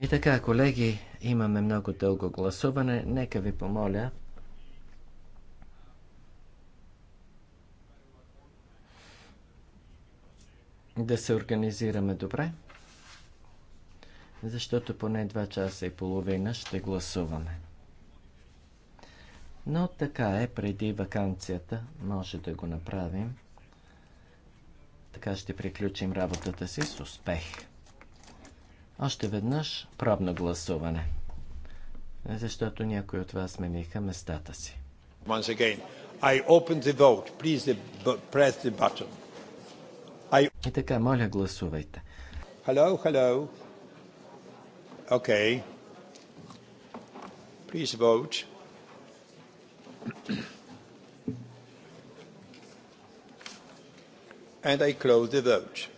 И така, колеги, имаме много дълго гласуване. Нека ви помоля да се организираме добре, защото поне два часа и половина ще гласуваме. Но така е, преди вакансията може да го направим. Така ще приключим работата си с успех. Още веднъж пробно гласуване. Защото някои от вас смениха местата си. Once again, I open the vote. Please press the button. I... И така, моля, гласувайте. Hello, hello. Okay. Please vote. and I close the vote.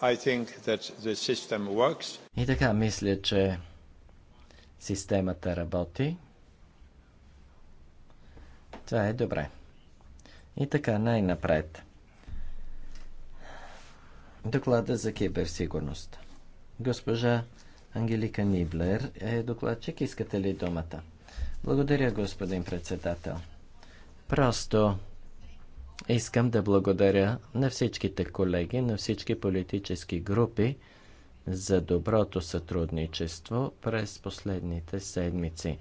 I think that the system works. И така, мисля, че системата работи. Това е добре. И така, най-напред. Доклада за киберсигурност. Госпожа Ангелика Ниблер е докладчик. Искате ли думата? Благодаря, господин председател. Просто Искам да благодаря на всичките колеги, на всички политически групи за доброто сътрудничество през последните седмици.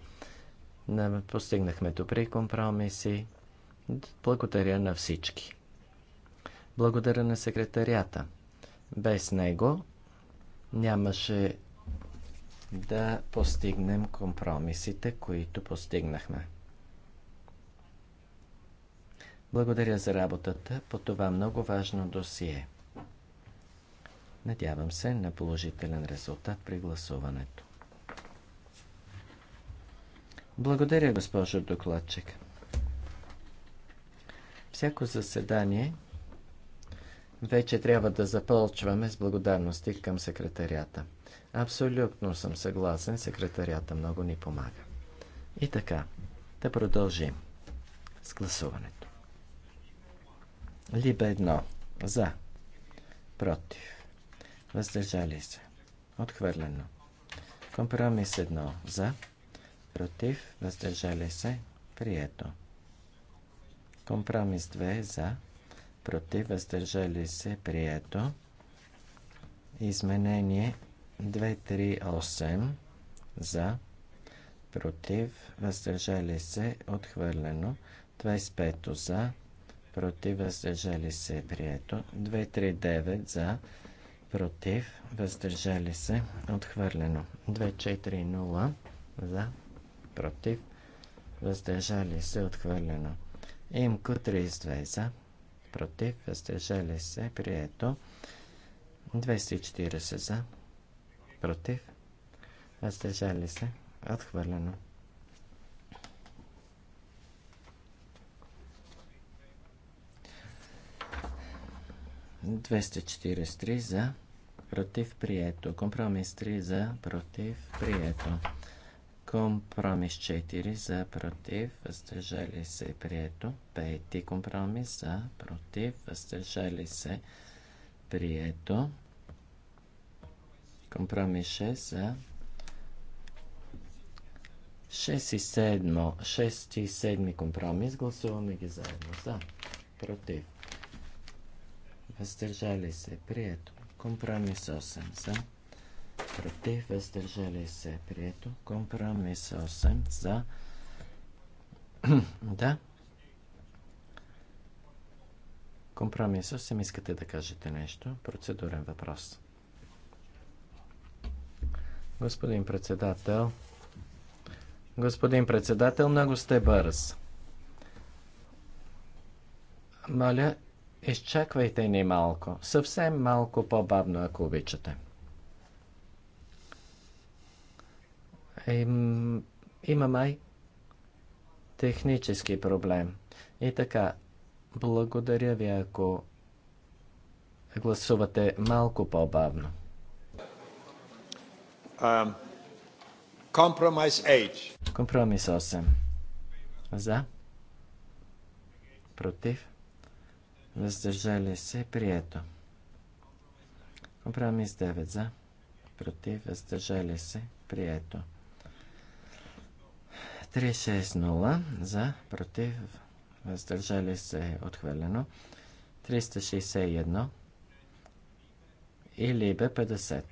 Постигнахме добри компромиси. Благодаря на всички. Благодаря на секретарията. Без него нямаше да постигнем компромисите, които постигнахме. Благодаря за работата по това много важно досие. Надявам се на положителен резултат при гласуването. Благодаря, госпожо докладчик. Всяко заседание вече трябва да започваме с благодарности към секретарията. Абсолютно съм съгласен, секретарията много ни помага. И така, да продължим с гласуването. Либо едно. За. Против. Въздържали се. Отхвърлено. Компромис едно. За. Против. Въздържали се. Прието. Компромис 2. За. Против. Въздържали се. Прието. Изменение 238. За. Против. Въздържали се. Отхвърлено. 25. За против, въздържали се, прието. 239 за, против, въздържали се, отхвърлено. 240 за, против, въздържали се, отхвърлено. Имко 32 за, против, въздържали се, прието. 240 за, против, въздържали се, отхвърлено. 243 за, против, прието. Компромис 3 за, против, прието. Компромис 4 за, против, въздържали се, прието. Пети компромис за, против, въздържали се, прието. Компромис 6 за, 6 и 7, 6 и 7 компромис, гласуваме ги заедно за, против, въздържали се, прието. Компромис 8 за, против, въздържали се, прието. Компромис 8 за, да. Компромис 8, искате да кажете нещо? Процедурен въпрос. Господин председател, господин председател, много сте бърз. Моля, Изчаквайте ни малко, съвсем малко по-бавно, ако обичате. Им, има май технически проблем. И така, благодаря ви, ако гласувате малко по-бавно. Um, 8. Компромис 8. За. Против въздържали се, прието. Компромис 9 за, против, въздържали се, прието. 360 за, против, въздържали се, отхвърлено. 361 или бе 50.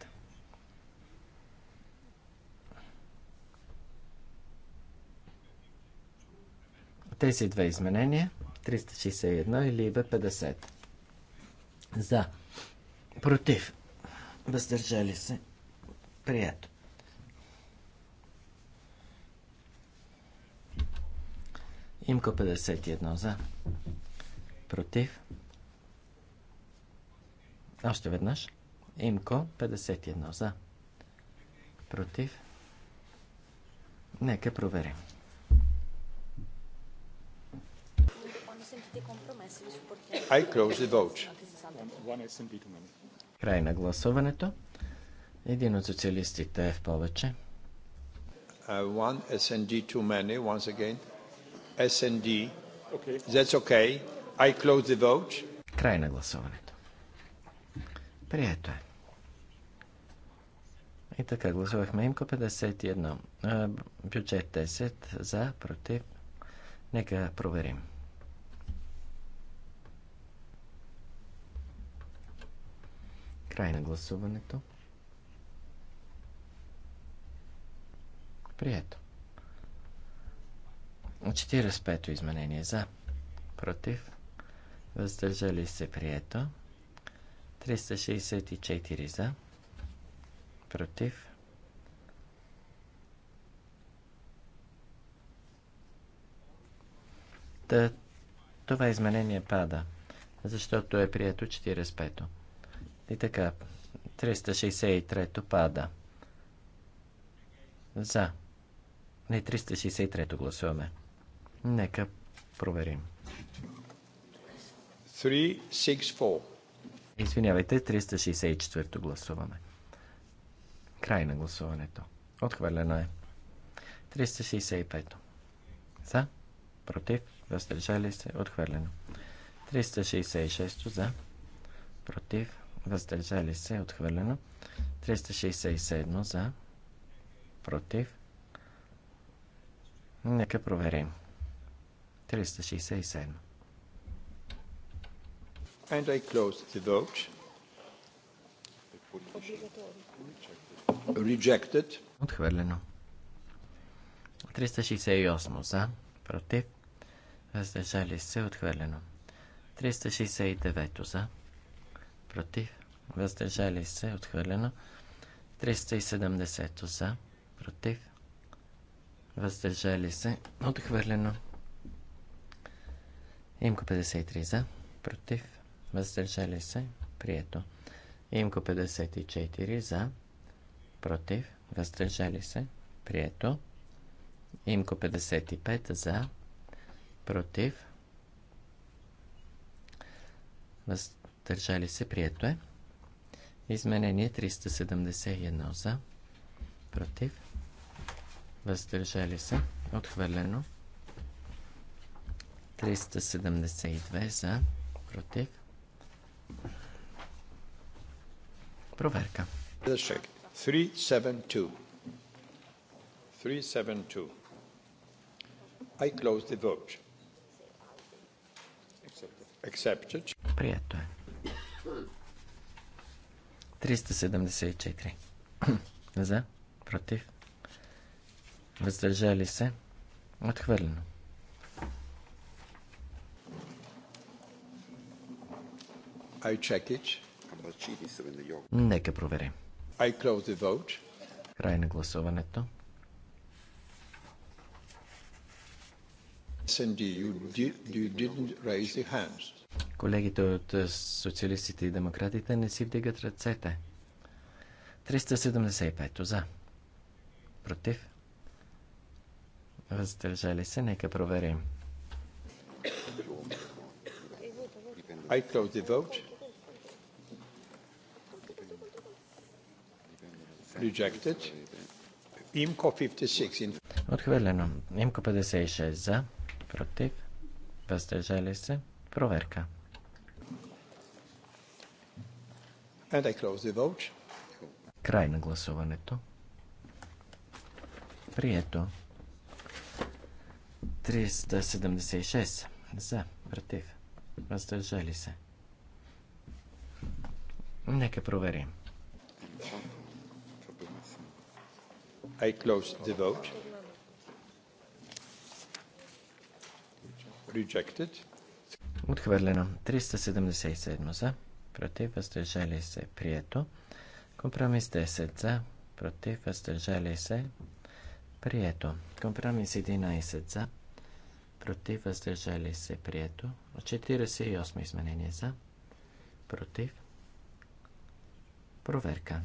Тези две изменения – 361 или В50. За. Против. Въздържали се. Прието. Имко 51 за. Против. Още веднъж. Имко 51 за. Против. Нека проверим. I close the vote. Край на гласуването. Един от социалистите е в повече. Uh, one SND too many, once again. SND. Okay. That's okay. I close the vote. Край на гласуването. Прието е. И така, гласувахме имко 51. Бюджет 10 за, против. Нека проверим. Край на гласуването. Прието. 45-то изменение за. Против. Въздържали се. Прието. 364 за. Против. Та, това изменение пада, защото е прието 45-то. И така, 363-то пада. За. Не, 363-то гласуваме. Нека проверим. 364. Извинявайте, 364-то гласуваме. Край на гласуването. Отхвърлено е. 365-то. За. Против. Въздържали се. Отхвърлено. 366-то за. Против въздържали се, отхвърлено. 367 за, против. Нека проверим. 367. And I close the vote. Rejected. Отхвърлено. 368 за, против. Въздържали се, отхвърлено. 369 за, против въздържали се, отхвърлено. 370 за, против, въздържали се, отхвърлено. Имко 53 за, против, въздържали се, прието. Имко 54 за, против, въздържали се, прието. Имко 55 за, против, въздържали се, прието е. Изменение 371 за. Против. Въздържали се. Отхвърлено. 372 за. Против. Проверка. 372. 372. I close the vote. Accepted. Прието е. 374. За, против, въздържали се, отхвърлено. Нека проверим. Край на гласуването. SND, you, you didn't raise the hands. Колегите от е, социалистите и демократите не си вдигат ръцете. 375 за. Против. Въздържали се, нека проверим. I close the vote. Rejected. IMCO 56 in... Отхвърлено. Имко 56 за. Против. Въздържали се. Проверка. And I close the vote. Край на гласуването. Прието. 376 за, против, въздържали се. Нека проверим. I close the vote. Rejected. Отхвърлено. 377 за против, въздържали се, прието. Компромис 10 за, против, въздържали се, прието. Компромис 11 за, против, въздържали се, прието. 48 изменение за, против. Проверка.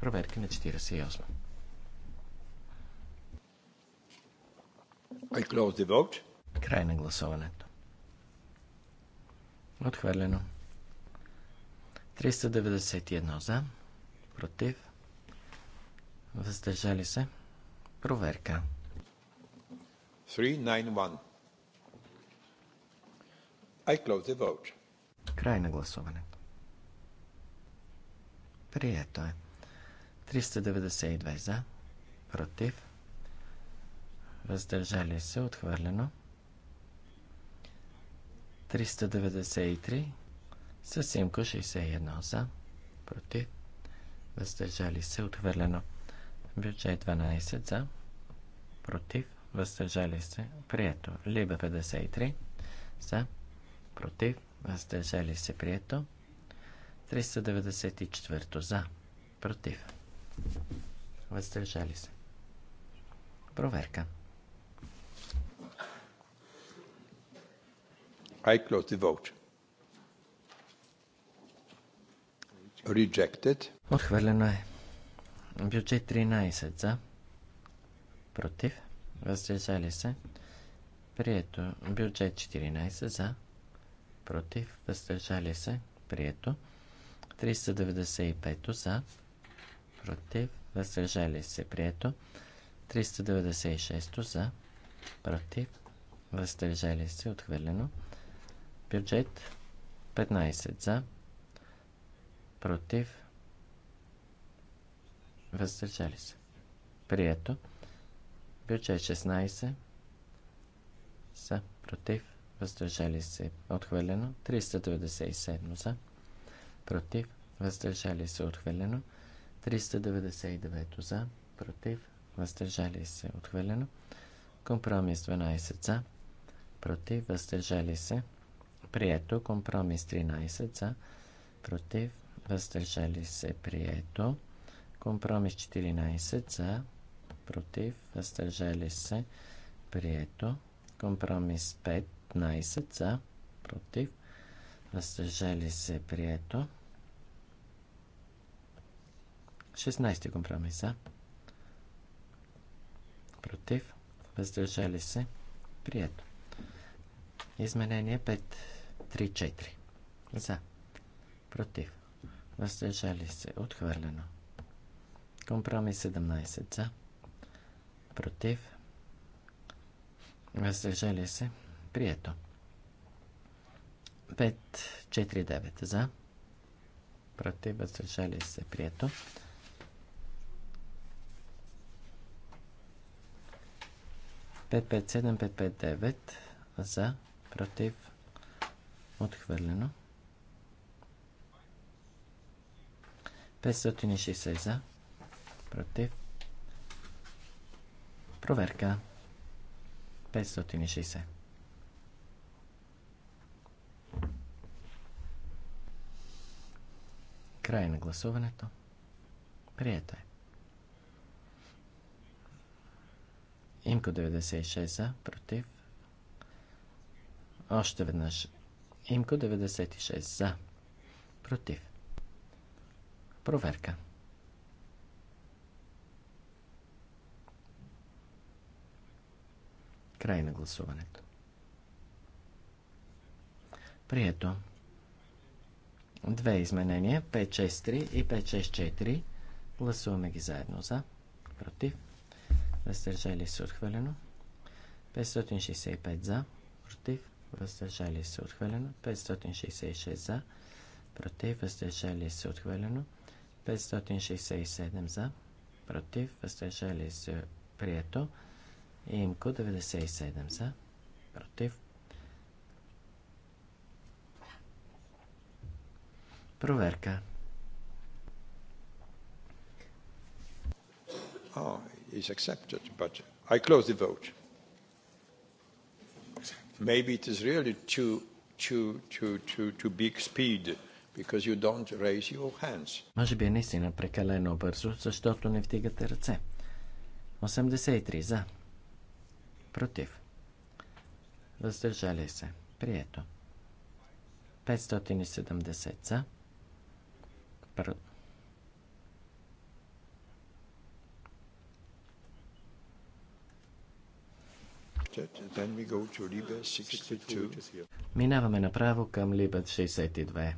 Проверка на 48. I close the vote. Край на гласуването. Отхвърлено. 391 за, против, въздържали се. Проверка. 391. I close the vote. Край на гласуването. Прието е. 392 за, против, въздържали се, отхвърлено. 393 със Имко 61 за, против, въздържали се, отхвърлено. Бюджет 12 за, против, въздържали се, прието. Либа 53 за, против, въздържали се, прието. 394 за, против, въздържали се. Проверка. I close the vote. Rejected. Отхвърлено е. Бюджет 13 за. Против. Въздържали се. Прието. Бюджет 14 за. Против. Въздържали се. Прието. 395 за. Против. Въздържали се. Прието. 396 за. Против. Въздържали се. Отхвърлено. Бюджет 15 за против, въздържали се. Прието. Бюджет 16 са против, въздържали се. Отхвърлено. 397 за, против, въздържали се. Отхвърлено. 399 за, против, въздържали се. Отхвърлено. Компромис 12 за, против, въздържали се. Прието. Компромис 13 за, против, въздържали се, прието. Компромис 14 за, против, въздържали се, прието. Компромис 15 за, против, въздържали се, прието. 16 компромис за, против, въздържали се, прието. Изменение 5, 3, 4 за, против, въздържали се, отхвърлено. Компромис 17 за, против, въздържали се, прието. 549 за, против, въздържали се, прието. Пет пет седем пет пет девет за против отхвърлено. 560 за. Против. Проверка. 560. Край на гласуването. Прието е. Имко 96 за, против. Още веднъж. Имко 96 за, против. Проверка. Край на гласуването. Прието. Две изменения, 563 и 564. Гласуваме ги заедно за, против, въздържали се отхвърлено. 565 за, против, въздържали се отхвърлено. 566 за, против, въздържали се отхвърлено. 567 за, против, въздържали се, прието. Имко 97 за, против. Проверка. Oh, is accepted, but I close the vote. Maybe it is really too, too, too, too, too big speed. Because you don't raise your hands. Може би е наистина прекалено бързо, защото не вдигате ръце. 83 за. Против. Въздържали се. Прието. 570 за. Пр... Минаваме направо към Либет 62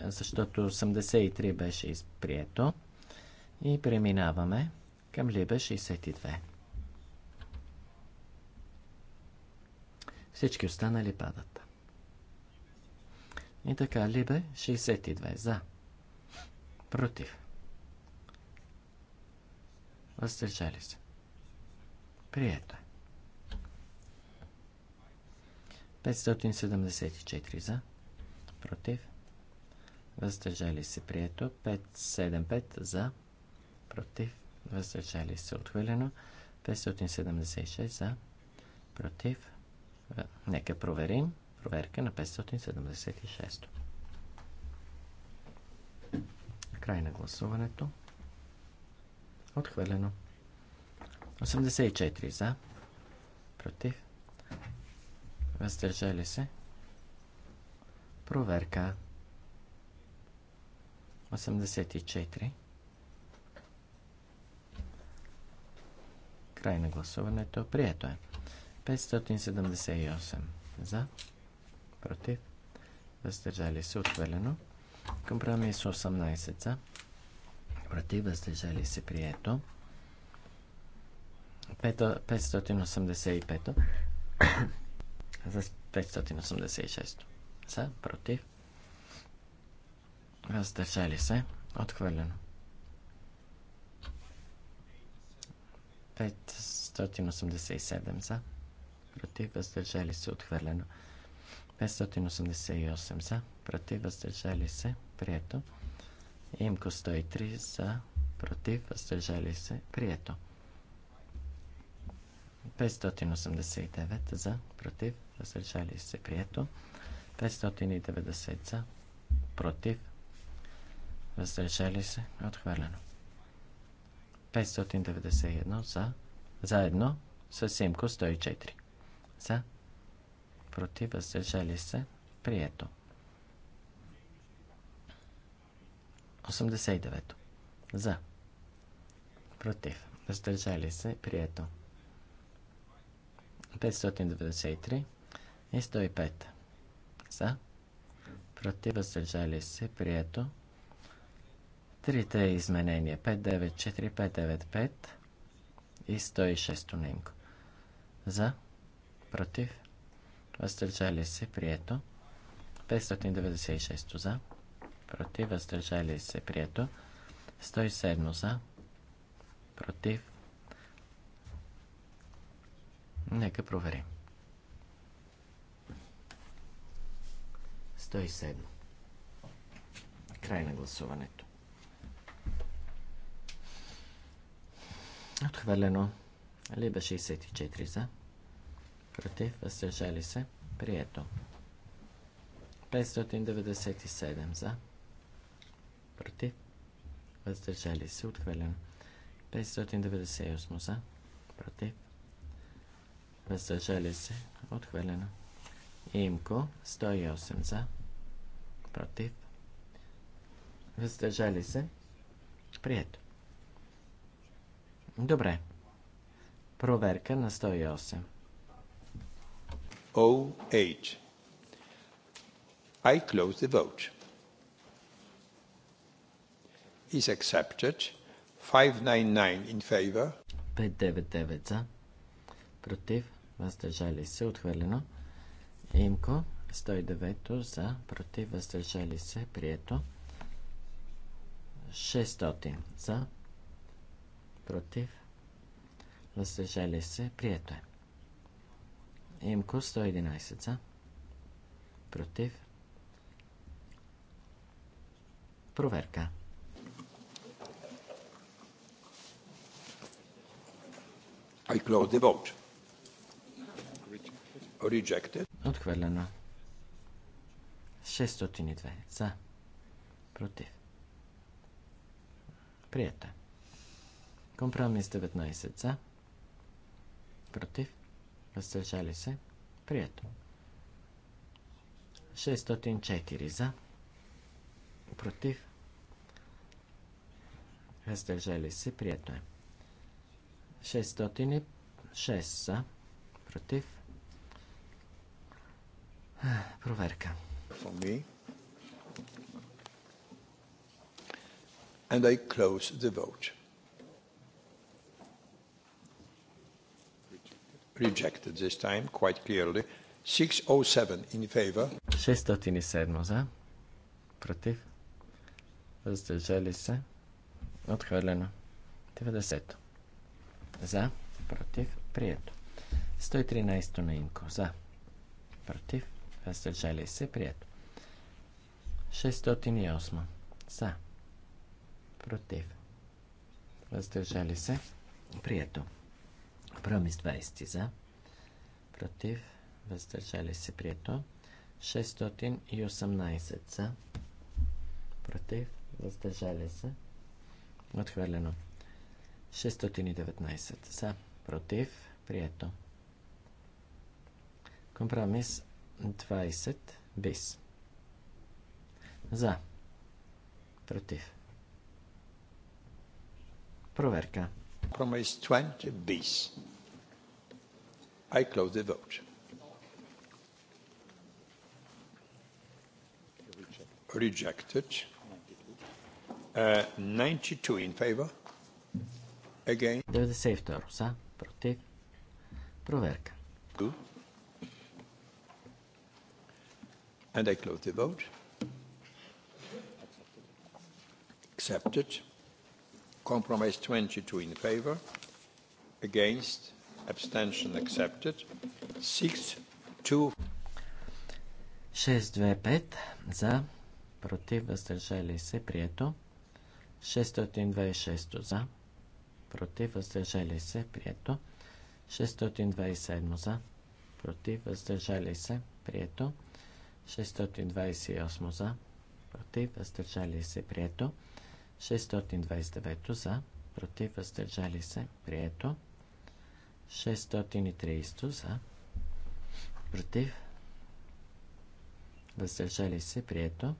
защото 83 беше изприето. И преминаваме към Либе 62. Всички останали падат. И така, Либе 62 за. Против. Въздържали се. Прието. 574 е. за. Против. 1 въздържали се прието, 575 за, против, въздържали се отхвилено, 576 за, против. Нека проверим. Проверка на 576. Край на гласуването. Отхвилено. 84 за, против, въздържали се. Проверка 84. Край на гласуването. Прието е. 578 за, против, въздържали се, Отвелено. Компромис 18 за, против, въздържали се, прието. 585 за 586 за, против, Въздържали се. Отхвърлено. 587 за. Против. Въздържали се. Отхвърлено. 588 за. Против. Въздържали се. Прието. Имко 103 за. Против. Въздържали се. Прието. 589 за. Против. Въздържали се. Прието. 590 за. Против въздържали се, отхвърлено. 591 за, заедно с Симко 104. За, против, въздържали се, прието. 89. За. Против. Въздържали се. Прието. 593 и 105. За. Против. Въздържали се. Прието. Трите изменения 594595 и 106 нинко. За, против, въздържали се, прието. 596 за, против, въздържали се, прието. 107 за, против. Нека проверим. 107. Край на гласуването. Отхвърлено. Либа 64 за. Против. Въздържали се. Прието. 597 за. Против. Въздържали се. Отхвърлено. 598 за. Против. Въздържали се. Отхвърлено. Имко 108 за. Против. Въздържали се. Прието. Добре. Проверка на 108. OH. I close the vote. Is accepted. 599 in favor. 599 за. Против. Въздържали се. Отхвърлено. Имко. 109 за. Против. Въздържали се. Прието. 600 за против, въздържали се, прието е. Имко 111 за, против, проверка. I close the vote. Rejected. Отхвърлено. 602 за, против. Приятел. Компромис 19 за. Против. Въздържали се. Прието. 604 за. Против. Въздържали се. Прието е. 606 за. Против. Проверка. And I close the vote. Rejected this time, quite clearly. 607 in favor. 607 за. Против. Въздържали се. Отхвърлено. 90. За. Против. Прието. 113 на Инко. За. Против. Въздържали се. Прието. 608. За. Против. Въздържали се. Прието. Компромис 20 за. Против. Въздържали се прието. 618 за. Против. Въздържали се. Отхвърлено. 619 за. Против. Прието. Компромис 20 бис. За. Против. Проверка. Компромис 20 бис. I close the vote. Rejected. Uh, 92 in favor. Again. There safe door, sir. Protect. Проверка. And I close the vote. Accepted. Compromise 22 in favor. Against Abstention accepted. 625 за, против, въздържали се, прието. 626 за, против, въздържали се, прието. 627 за, против, въздържали се, прието. 628 за, против, въздържали се, прието. 629 за, против, въздържали се, прието. 630 за, против, въздържали се, прието.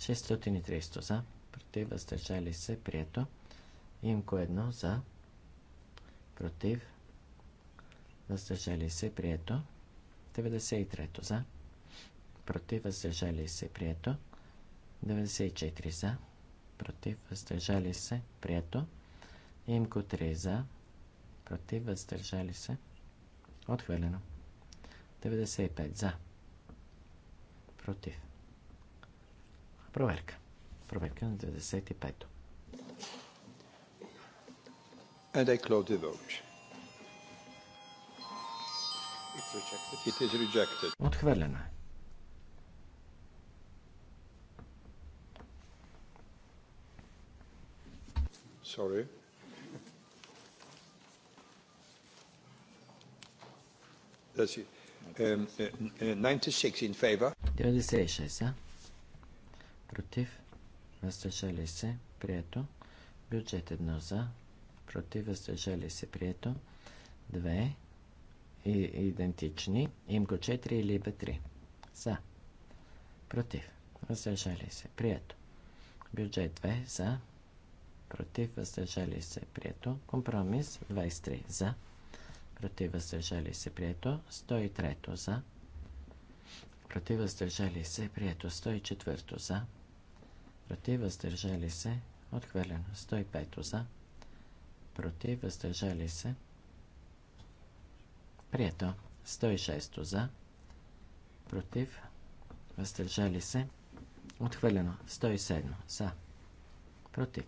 630 за, против, въздържали се, прието. Имко едно за, против, въздържали се, прието. 93 за, против, въздържали се, прието. 94 за, против, въздържали се, прието. Имко 3 за, против, въздържали се, отхвърлено. 95 за, против. Проверка. Проверка на 95-то. And I close the vote. It's rejected. It is rejected. Отхвърлено е. Sorry. Um, uh, 96 in favor. 96 за. Против. Въздържали се. Прието. Бюджет 1 за. Против. Въздържали се. Прието. 2. И, идентични. Имко 4 или 3. За. Против. Въздържали се. Прието. Бюджет 2 за. Против. Въздържали се. Прието. Компромис 23 за против въздържали се прието 103 за, против въздържали се прието 104 за, против въздържали се отхвърлено 105 за, против въздържали се прието 106 за, против въздържали се отхвърлено 107 за, против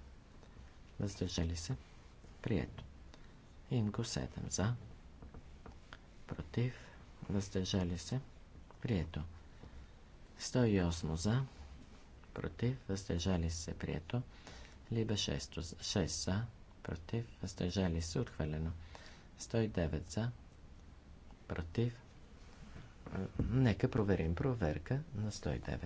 въздържали се прието Инко 7 за, против, въздържали се, прието. 108 за, против, въздържали се, прието. Либо 6, за, против, въздържали се, отхвърлено. 109 за, против. Нека проверим проверка на 109.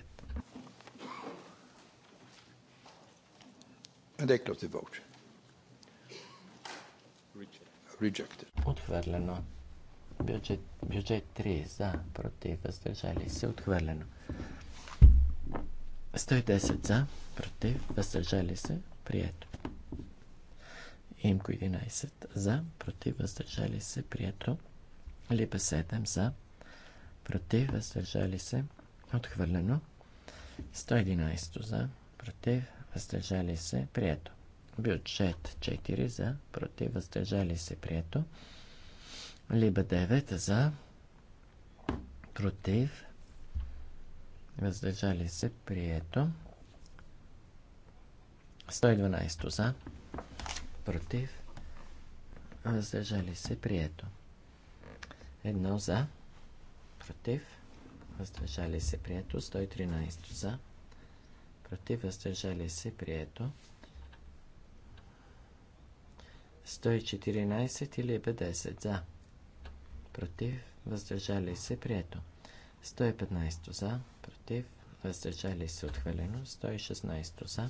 Rejected. Отхвърлено. Бюджет, бюджет 3 за, против, въздържали се, отхвърлено. 110 за, против, въздържали се, прието. Имко 11 за, против, въздържали се, прието. Липа 7 за, против, въздържали се, отхвърлено. 111 за, против, въздържали се, прието. Бюджет 4 за, против, въздържали се, прието. Либе 9 за, против, въздържали се, прието. 112 за, против, въздържали се, прието. Едно за, против, въздържали се, прието. 113 за, против, въздържали се, прието. 114 или 50 за против, въздържали се, прието. 115 за, против, въздържали се, отхвърлено. 116 за,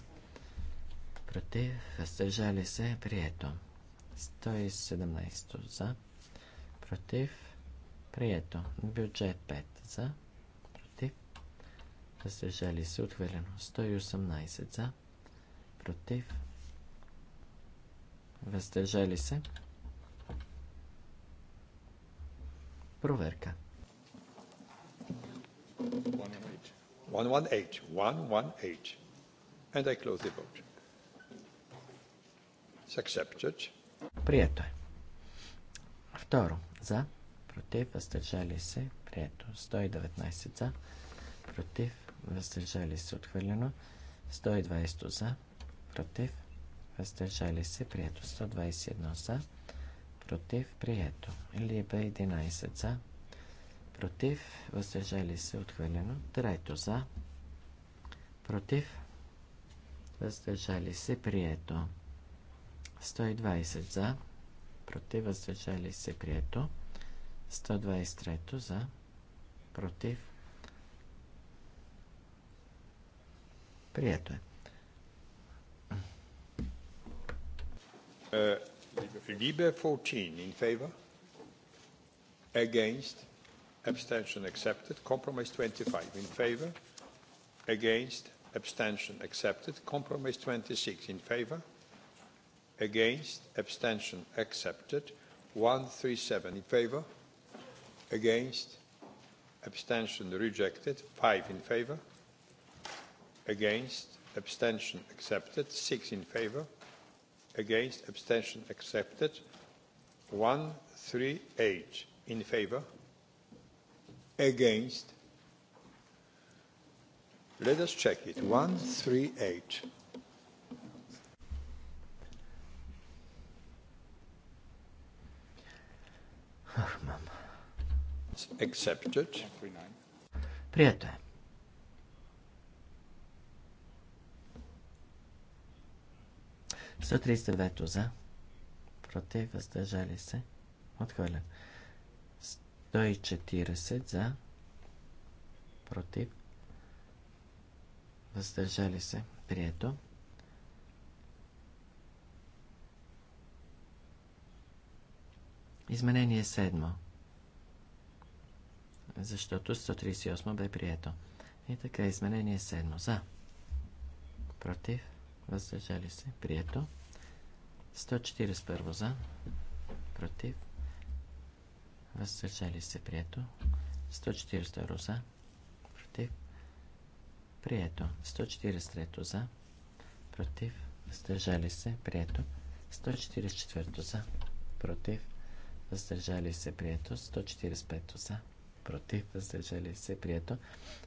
против, въздържали се, прието. 117 за, против, прието. Бюджет 5 за, против, въздържали се, отхвърлено. 118 за, против, въздържали се, Проверка. 118. And I close the It's accepted. Прието е. Второ. За. Против. Въздържали се. Прието. 119 за. Против. Въздържали се. Отхвърлено. 120 за. Против. Въздържали се. Прието. 121 за против, прието. Либе 11 за, против, въздържали се, отхвърлено. Трето за, против, въздържали се, прието. 120 за, против, въздържали се, прието. 123 за, против, прието е. е Libre 14 in favor, against, abstention accepted. Compromise 25 in favor, against, abstention accepted. Compromise 26 in favor, against, abstention accepted. 137 in favor, against, abstention rejected. 5 in favor, against, abstention accepted. 6 in favor, against abstention accepted eight. in favor against let us check it One three eight. Accepted. Прието 139 за, против, въздържали се, отхвърлен. 140 за, против, въздържали се, прието. Изменение 7. Защото 138 бе прието. И така, изменение 7. За. Против въздържали се, прието. 141 за, против, въздържали се, прието. 142 за, против, прието. 143 за, против, въздържали се, прието. 144 за, против, въздържали се, прието. 145 за, против, въздържали се, прието.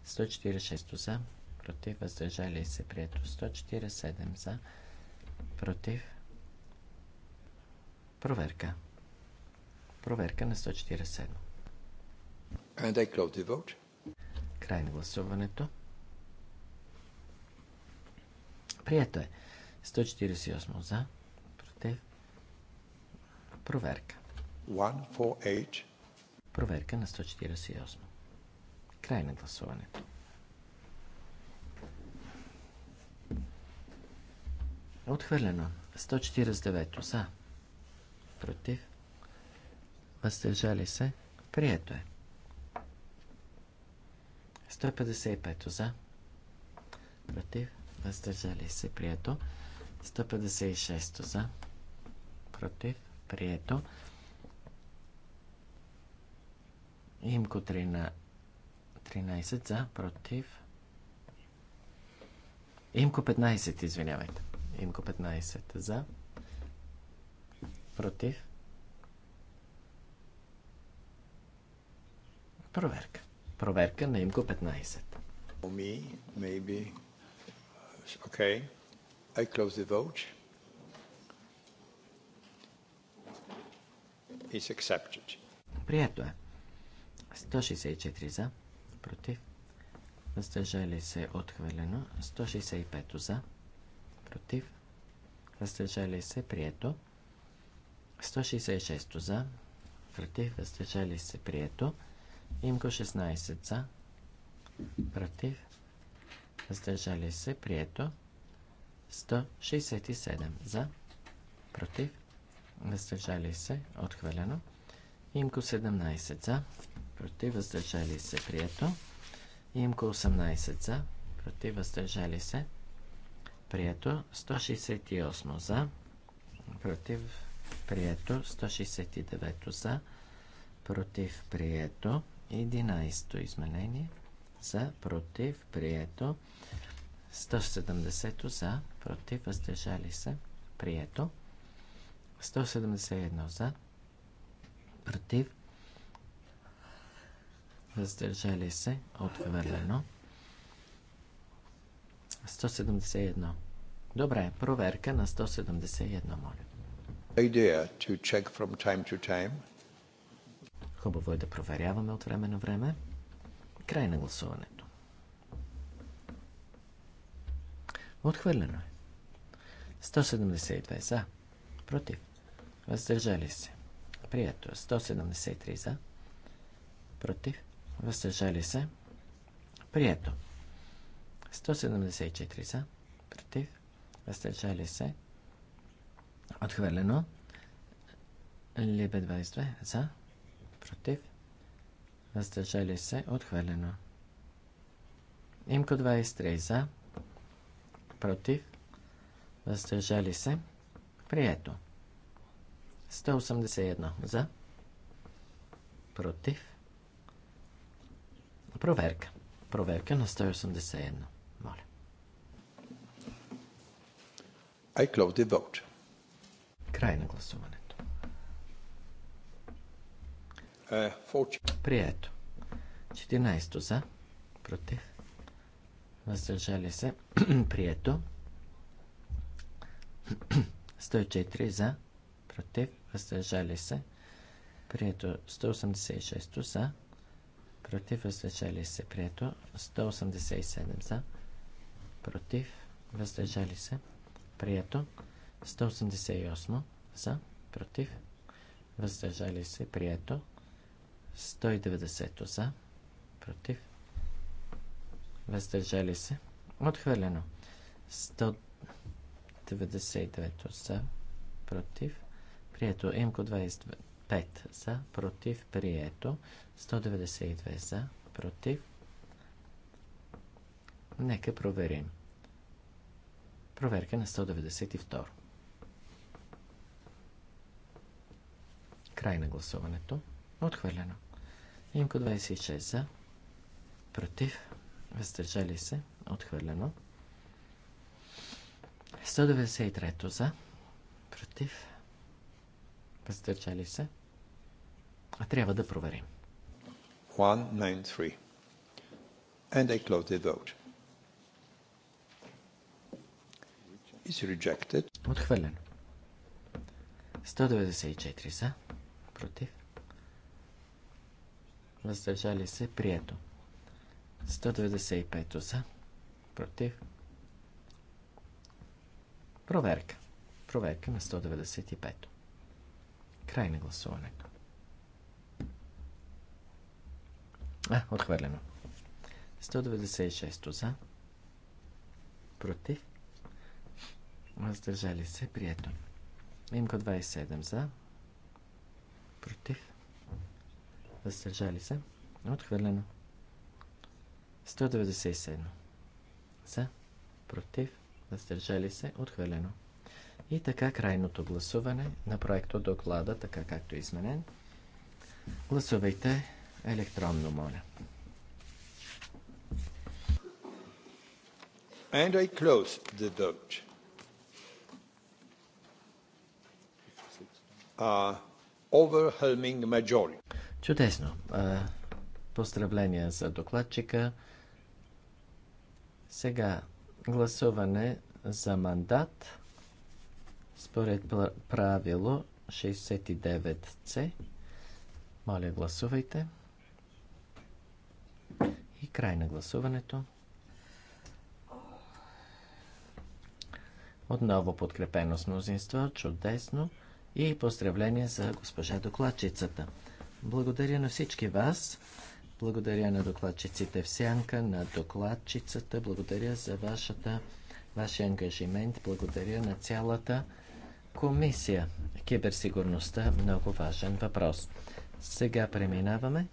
146 за, против, въздържали се, прието 147 за, против. Проверка. Проверка на 147. And I close the vote. Край на гласуването. Прието е. 148 за, против. Проверка. 148. Проверка на 148. Край на гласуването. Отхвърлено. 149 за. Против. Въздържали се. Прието е. 155 за. Против. Въздържали се. Прието. 156 за. Против. Прието. Имко 3 на 13 за. Против. Имко 15, извинявайте. Имко 15 за. Против. Проверка. Проверка на Имко 15. Me, maybe. Okay. I close the vote. It's accepted. Прието е. 164 за. Против. Въздържали се отхвърлено. 165 за против, въздържали се, прието. 166 за, против, въздържали се, прието. Имко 16 за, против, въздържали се, прието. 167 за, против, въздържали се, отхвърлено. Имко 17 за, против, въздържали се, прието. Имко 18 за, против, въздържали се, прието. Прието 168 за. Против. Прието 169 за. Против. Прието 11 изменение. За. Против. Прието 170 за. Против. Въздържали се. Прието 171 за. Против. Въздържали се. Отхвърлено. 171. Добре, проверка на 171, моля. Idea to check from time to time. Хубаво е да проверяваме от време на време. Край на гласуването. Отхвърлено е. 172 за. Против. Въздържали се. Прието. 173 е. за. Против. Въздържали се. Прието. 174 за, против, въздържали се, отхвърлено. Либе 22 за, против, въздържали се, отхвърлено. Имко 23 за, против, въздържали се, прието. 181 за, против, проверка. Проверка на 181. I close the vote. Край на гласуването. Uh, Прието. 14 за, против, въздържали се. Прието. 104 за, против, въздържали се. Прието 186 за, против, въздържали се. Прието 187 за, против, въздържали се. Прието. 188 за, против, въздържали се, прието. 190 за, против, въздържали се, отхвърлено. 199 за, против, прието. Имко 25 за, против, прието. 192 за, против. Нека проверим. Проверка на 192. Край на гласуването. Отхвърлено. Имко 26 за. Против. Въздържали се. Отхвърлено. 193 за. Против. Въздържали се. А трябва да проверим. 193. And they close the vote. Отхвърлено. 194 за, Против. Въздържали се. Прието. 195 за. Против. Проверка. Проверка на 195. Край на гласуването. А, отхвърлено. 196 за. Против. Въздържали се. Прието. Имко 27 за. Против. Въздържали се. Отхвърлено. 197 за. Против. Въздържали се. Отхвърлено. И така крайното гласуване на проекто доклада, така както е изменен. Гласувайте електронно, моля. And I close the vote. overwhelming majority. Чудесно. Поздравления за докладчика. Сега гласуване за мандат според правило 69C. Моля, гласувайте. И край на гласуването. Отново подкрепено с мнозинство. Чудесно и поздравления за госпожа докладчицата. Благодаря на всички вас. Благодаря на докладчиците в сянка, на докладчицата. Благодаря за вашата, вашия ангажимент. Благодаря на цялата комисия. Киберсигурността е – много важен въпрос. Сега преминаваме.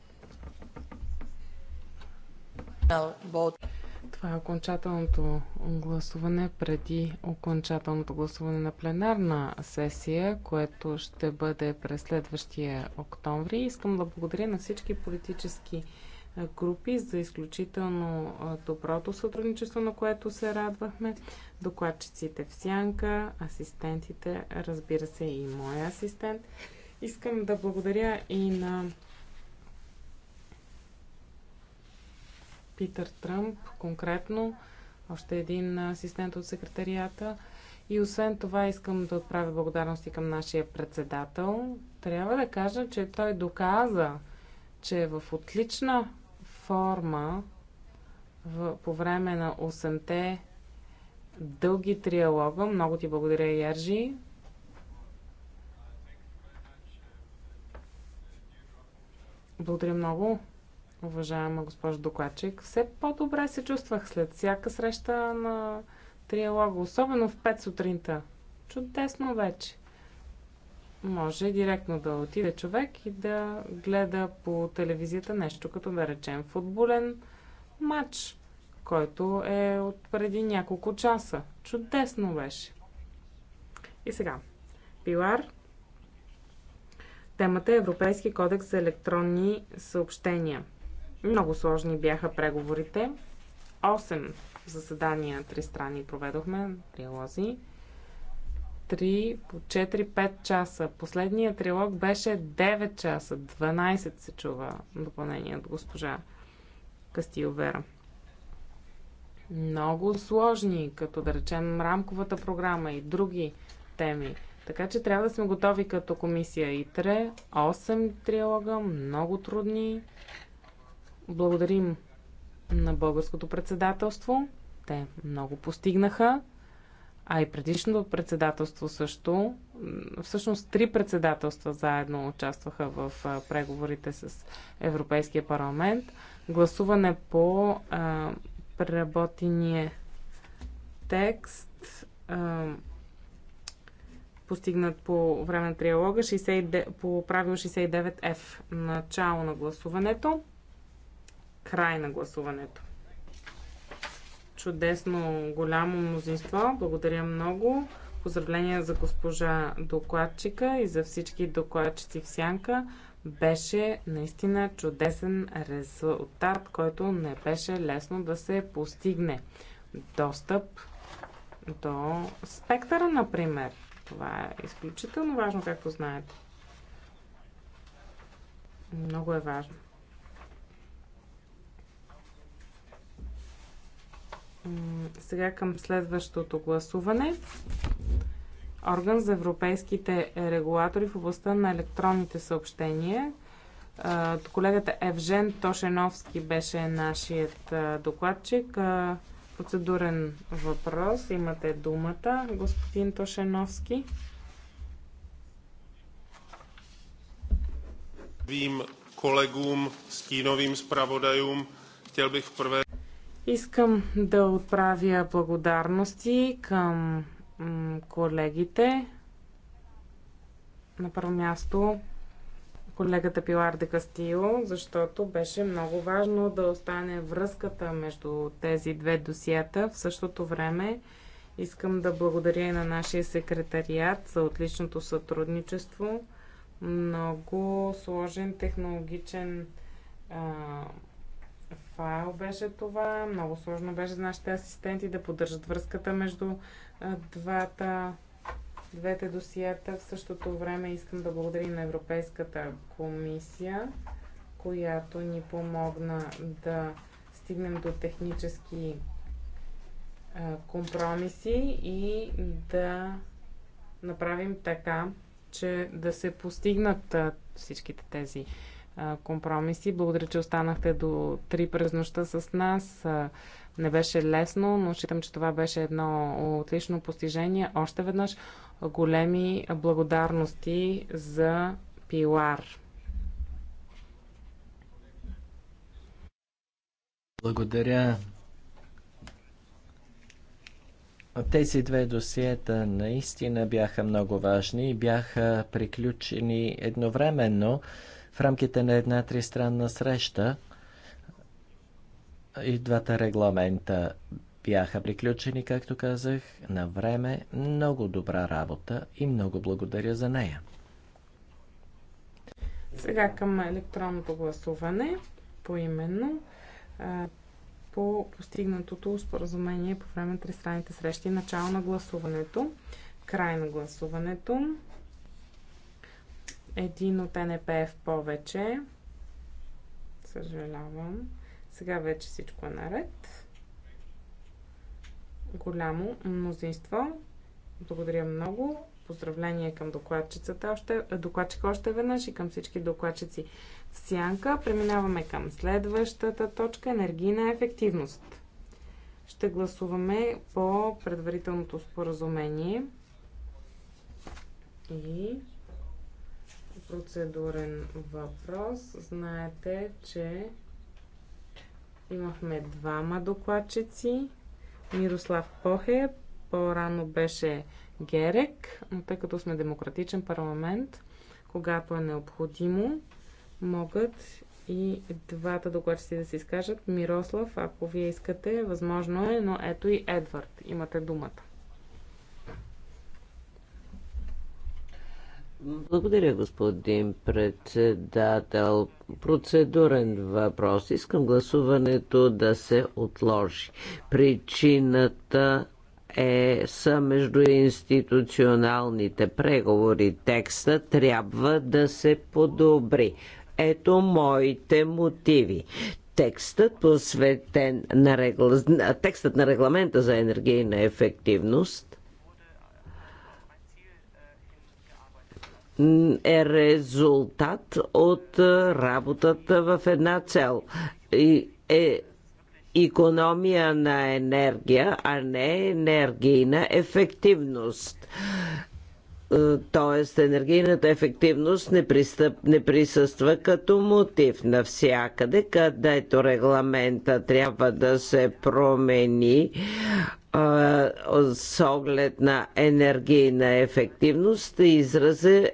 Това е окончателното гласуване преди окончателното гласуване на пленарна сесия, което ще бъде през следващия октомври. Искам да благодаря на всички политически групи за изключително доброто сътрудничество, на което се радвахме. Докладчиците в сянка, асистентите, разбира се и моя асистент. Искам да благодаря и на Питър Тръмп конкретно, още един асистент от секретарията. И освен това искам да отправя благодарности към нашия председател. Трябва да кажа, че той доказа, че е в отлична форма в, по време на 8-те дълги триалога. Много ти благодаря, Яржи. Благодаря много уважаема госпожо докладчик. Все по-добре се чувствах след всяка среща на триалога, особено в 5 сутринта. Чудесно вече. Може директно да отиде човек и да гледа по телевизията нещо, като да речем футболен матч, който е от преди няколко часа. Чудесно беше. И сега. Пилар. Темата е Европейски кодекс за електронни съобщения – много сложни бяха преговорите. 8 заседания три страни проведохме, трилози. 3 по 4-5 часа. Последният трилог беше 9 часа. 12 се чува допълнение от госпожа Кастиовера. Много сложни, като да речем рамковата програма и други теми. Така че трябва да сме готови като комисия ИТРЕ. 8 трилога, много трудни, Благодарим на българското председателство. Те много постигнаха, а и предишното председателство също. Всъщност три председателства заедно участваха в преговорите с Европейския парламент. Гласуване по а, преработения текст. А, постигнат по време на триалога по правило 69F. Начало на гласуването. Край на гласуването. Чудесно голямо мнозинство. Благодаря много. Поздравления за госпожа докладчика и за всички докладчици в сянка. Беше наистина чудесен резултат, който не беше лесно да се постигне. Достъп до спектъра, например. Това е изключително важно, както знаете. Много е важно. сега към следващото гласуване. Орган за европейските регулатори в областта на електронните съобщения. Колегата Евжен Тошеновски беше нашият докладчик. Процедурен въпрос. Имате думата, господин Тошеновски. Колегум, скиновим, stínovým zpravodajům, chtěl Искам да отправя благодарности към колегите. На първо място колегата Пилар де Кастио, защото беше много важно да остане връзката между тези две досиета. В същото време искам да благодаря и на нашия секретариат за отличното сътрудничество. Много сложен технологичен а, файл беше това. Много сложно беше за нашите асистенти да поддържат връзката между двата, двете досията. В същото време искам да благодарим на Европейската комисия, която ни помогна да стигнем до технически компромиси и да направим така, че да се постигнат всичките тези компромиси. Благодаря, че останахте до 3 през нощта с нас. Не беше лесно, но считам, че това беше едно отлично постижение. Още веднъж големи благодарности за Пилар. Благодаря. Тези две досиета наистина бяха много важни и бяха приключени едновременно в рамките на една тристранна среща и двата регламента бяха приключени, както казах, на време. Много добра работа и много благодаря за нея. Сега към електронното гласуване поименно по постигнатото споразумение по време на тристранните срещи. Начало на гласуването, край на гласуването. Един от НПФ повече. Съжалявам. Сега вече всичко е наред. Голямо мнозинство. Благодаря много. Поздравление към докладчицата още, докладчика още веднъж и към всички докладчици в сянка. Преминаваме към следващата точка енергийна ефективност. Ще гласуваме по предварителното споразумение и процедурен въпрос. Знаете, че имахме двама докладчици. Мирослав Похе, по-рано беше Герек, но тъй като сме демократичен парламент, когато е необходимо, могат и двата докладчици да се изкажат. Мирослав, ако вие искате, възможно е, но ето и Едвард. Имате думата. Благодаря, господин председател. Процедурен въпрос. Искам гласуването да се отложи. Причината е, са между институционалните преговори. Текста трябва да се подобри. Ето моите мотиви. Текстът, посветен на регла... текстът на регламента за енергийна ефективност е резултат от работата в една цел. И е економия на енергия, а не енергийна ефективност т.е. енергийната ефективност не, пристъп, не присъства като мотив навсякъде, където регламента трябва да се промени с оглед на енергийна ефективност и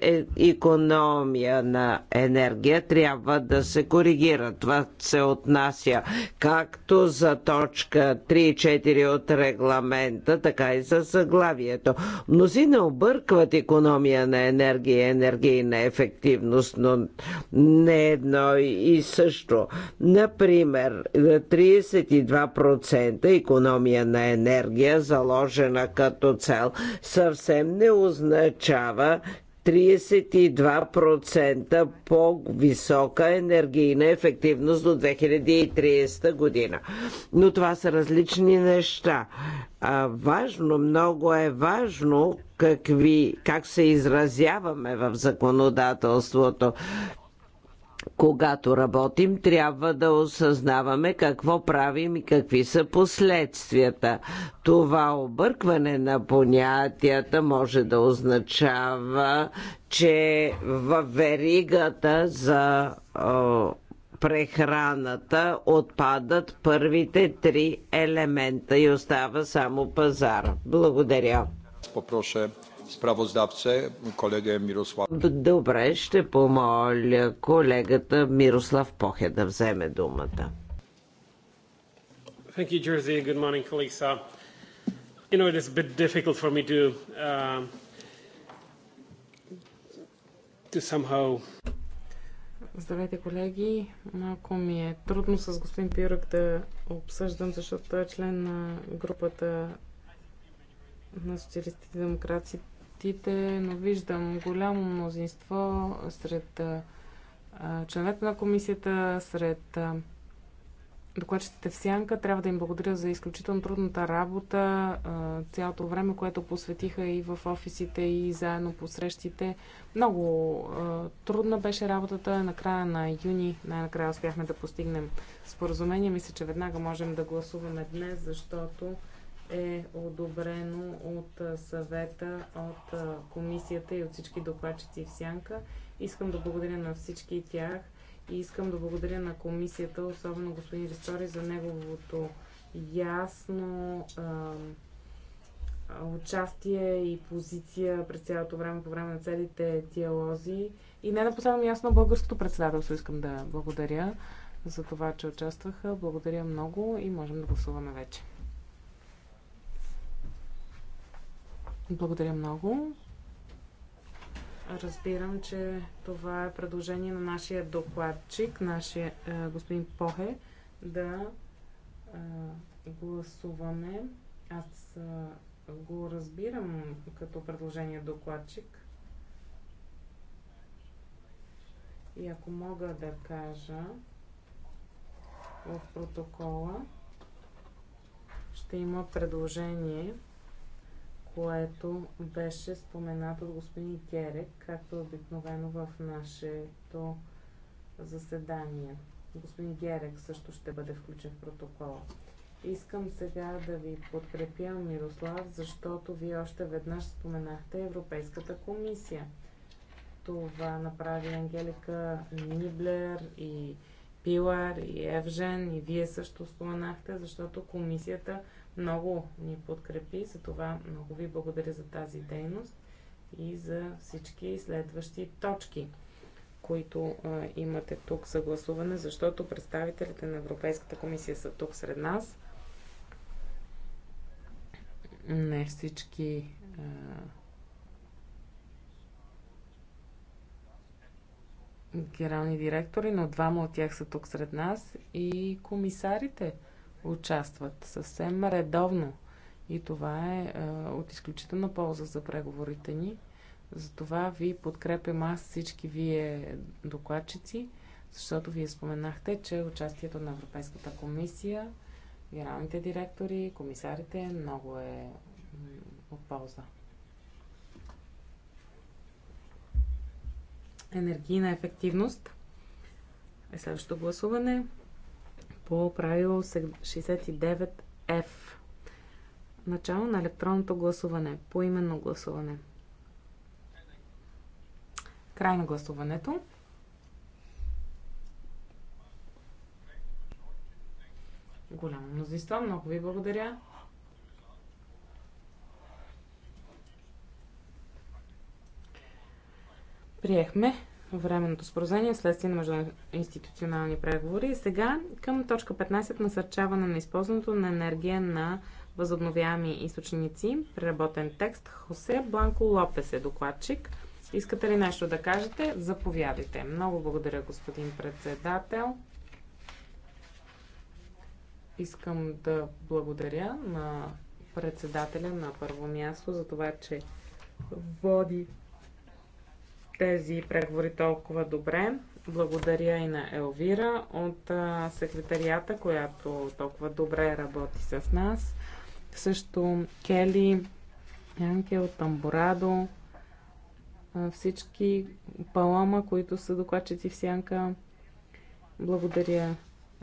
е, економия на енергия трябва да се коригира. Това се отнася както за точка 3 4 от регламента, така и за заглавието. Мнозина объркват економия на енергия и енергийна ефективност, но не едно и също. Например, 32% економия на енергия енергия, заложена като цел, съвсем не означава, 32% по-висока енергийна ефективност до 2030 година. Но това са различни неща. А, важно, много е важно какви, как се изразяваме в законодателството когато работим, трябва да осъзнаваме какво правим и какви са последствията. Това объркване на понятията може да означава, че в веригата за прехраната отпадат първите три елемента и остава само пазар. Благодаря. Попроше sprawozdawcę, kolegę Mirosław. Добре, ще помоля колегата Мирослав Похе да вземе думата. Thank you, Jersey. Good morning, colleagues. Uh, you know, it is a bit difficult for me to uh, to somehow Здравейте, колеги. Малко ми е трудно с господин Пирък да обсъждам, защото той е член на групата на социалистите и демократи, щетите, но виждам голямо мнозинство сред членовете на комисията, сред докладчетите в Сянка. Трябва да им благодаря за изключително трудната работа, цялото време, което посветиха и в офисите, и заедно по срещите. Много трудна беше работата. Накрая на юни най-накрая успяхме да постигнем споразумение. Мисля, че веднага можем да гласуваме днес, защото е одобрено от съвета, от комисията и от всички докладчици в Сянка. Искам да благодаря на всички тях и искам да благодаря на комисията, особено господин Ристори, за неговото ясно а, участие и позиция през цялото време, по време на целите диалози. И не на последно място на българското председателство искам да благодаря за това, че участваха. Благодаря много и можем да гласуваме вече. Благодаря много. Разбирам, че това е предложение на нашия докладчик, нашия е, господин Похе, да е, гласуваме. Аз е, го разбирам като предложение докладчик. И ако мога да кажа в протокола, ще има предложение което беше споменато от господин Керек, както е обикновено в нашето заседание. Господин Герек също ще бъде включен в протокола. Искам сега да ви подкрепя, Мирослав, защото вие още веднъж споменахте Европейската комисия. Това направи Ангелика Ниблер и Пилар и Евжен и вие също споменахте, защото комисията много ни подкрепи. За това много ви благодаря за тази дейност и за всички следващи точки, които а, имате тук за гласуване, защото представителите на Европейската комисия са тук сред нас. Не всички. А, генерални директори, но двама от тях са тук сред нас и комисарите участват съвсем редовно. И това е от изключителна полза за преговорите ни. Затова ви подкрепям аз всички вие докладчици, защото вие споменахте, че участието на Европейската комисия, генералните директори, комисарите много е от полза. Енергийна ефективност е следващото гласуване по правило 69F. Начало на електронното гласуване. По именно гласуване. Край на гласуването. Голямо мнозинство. Много ви благодаря. Приехме временното споразумение следствие на междуинституционални преговори. И сега към точка 15 насърчаване на използването на енергия на възобновяеми източници. Преработен текст. Хосе Бланко Лопес е докладчик. Искате ли нещо да кажете? Заповядайте. Много благодаря, господин председател. Искам да благодаря на председателя на първо място за това, че води тези преговори толкова добре. Благодаря и на Елвира от секретарията, която толкова добре работи с нас. Също Кели, Анкел Тамборадо, всички палама, които са докладчици в Сянка. Благодаря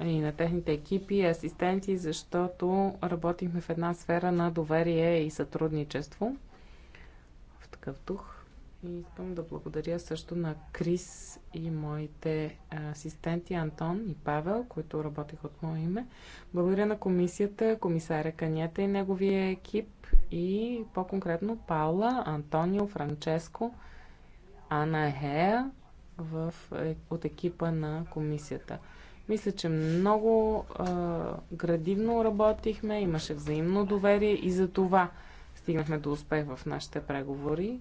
и на техните екипи и асистенти, защото работихме в една сфера на доверие и сътрудничество. В такъв дух. И искам да благодаря също на Крис и моите асистенти Антон и Павел, които работиха от мое име. Благодаря на комисията, комисаря Канята и неговия екип и по-конкретно Паула, Антонио, Франческо, Ана Хея в, е, от екипа на комисията. Мисля, че много а, градивно работихме, имаше взаимно доверие и за това стигнахме до успех в нашите преговори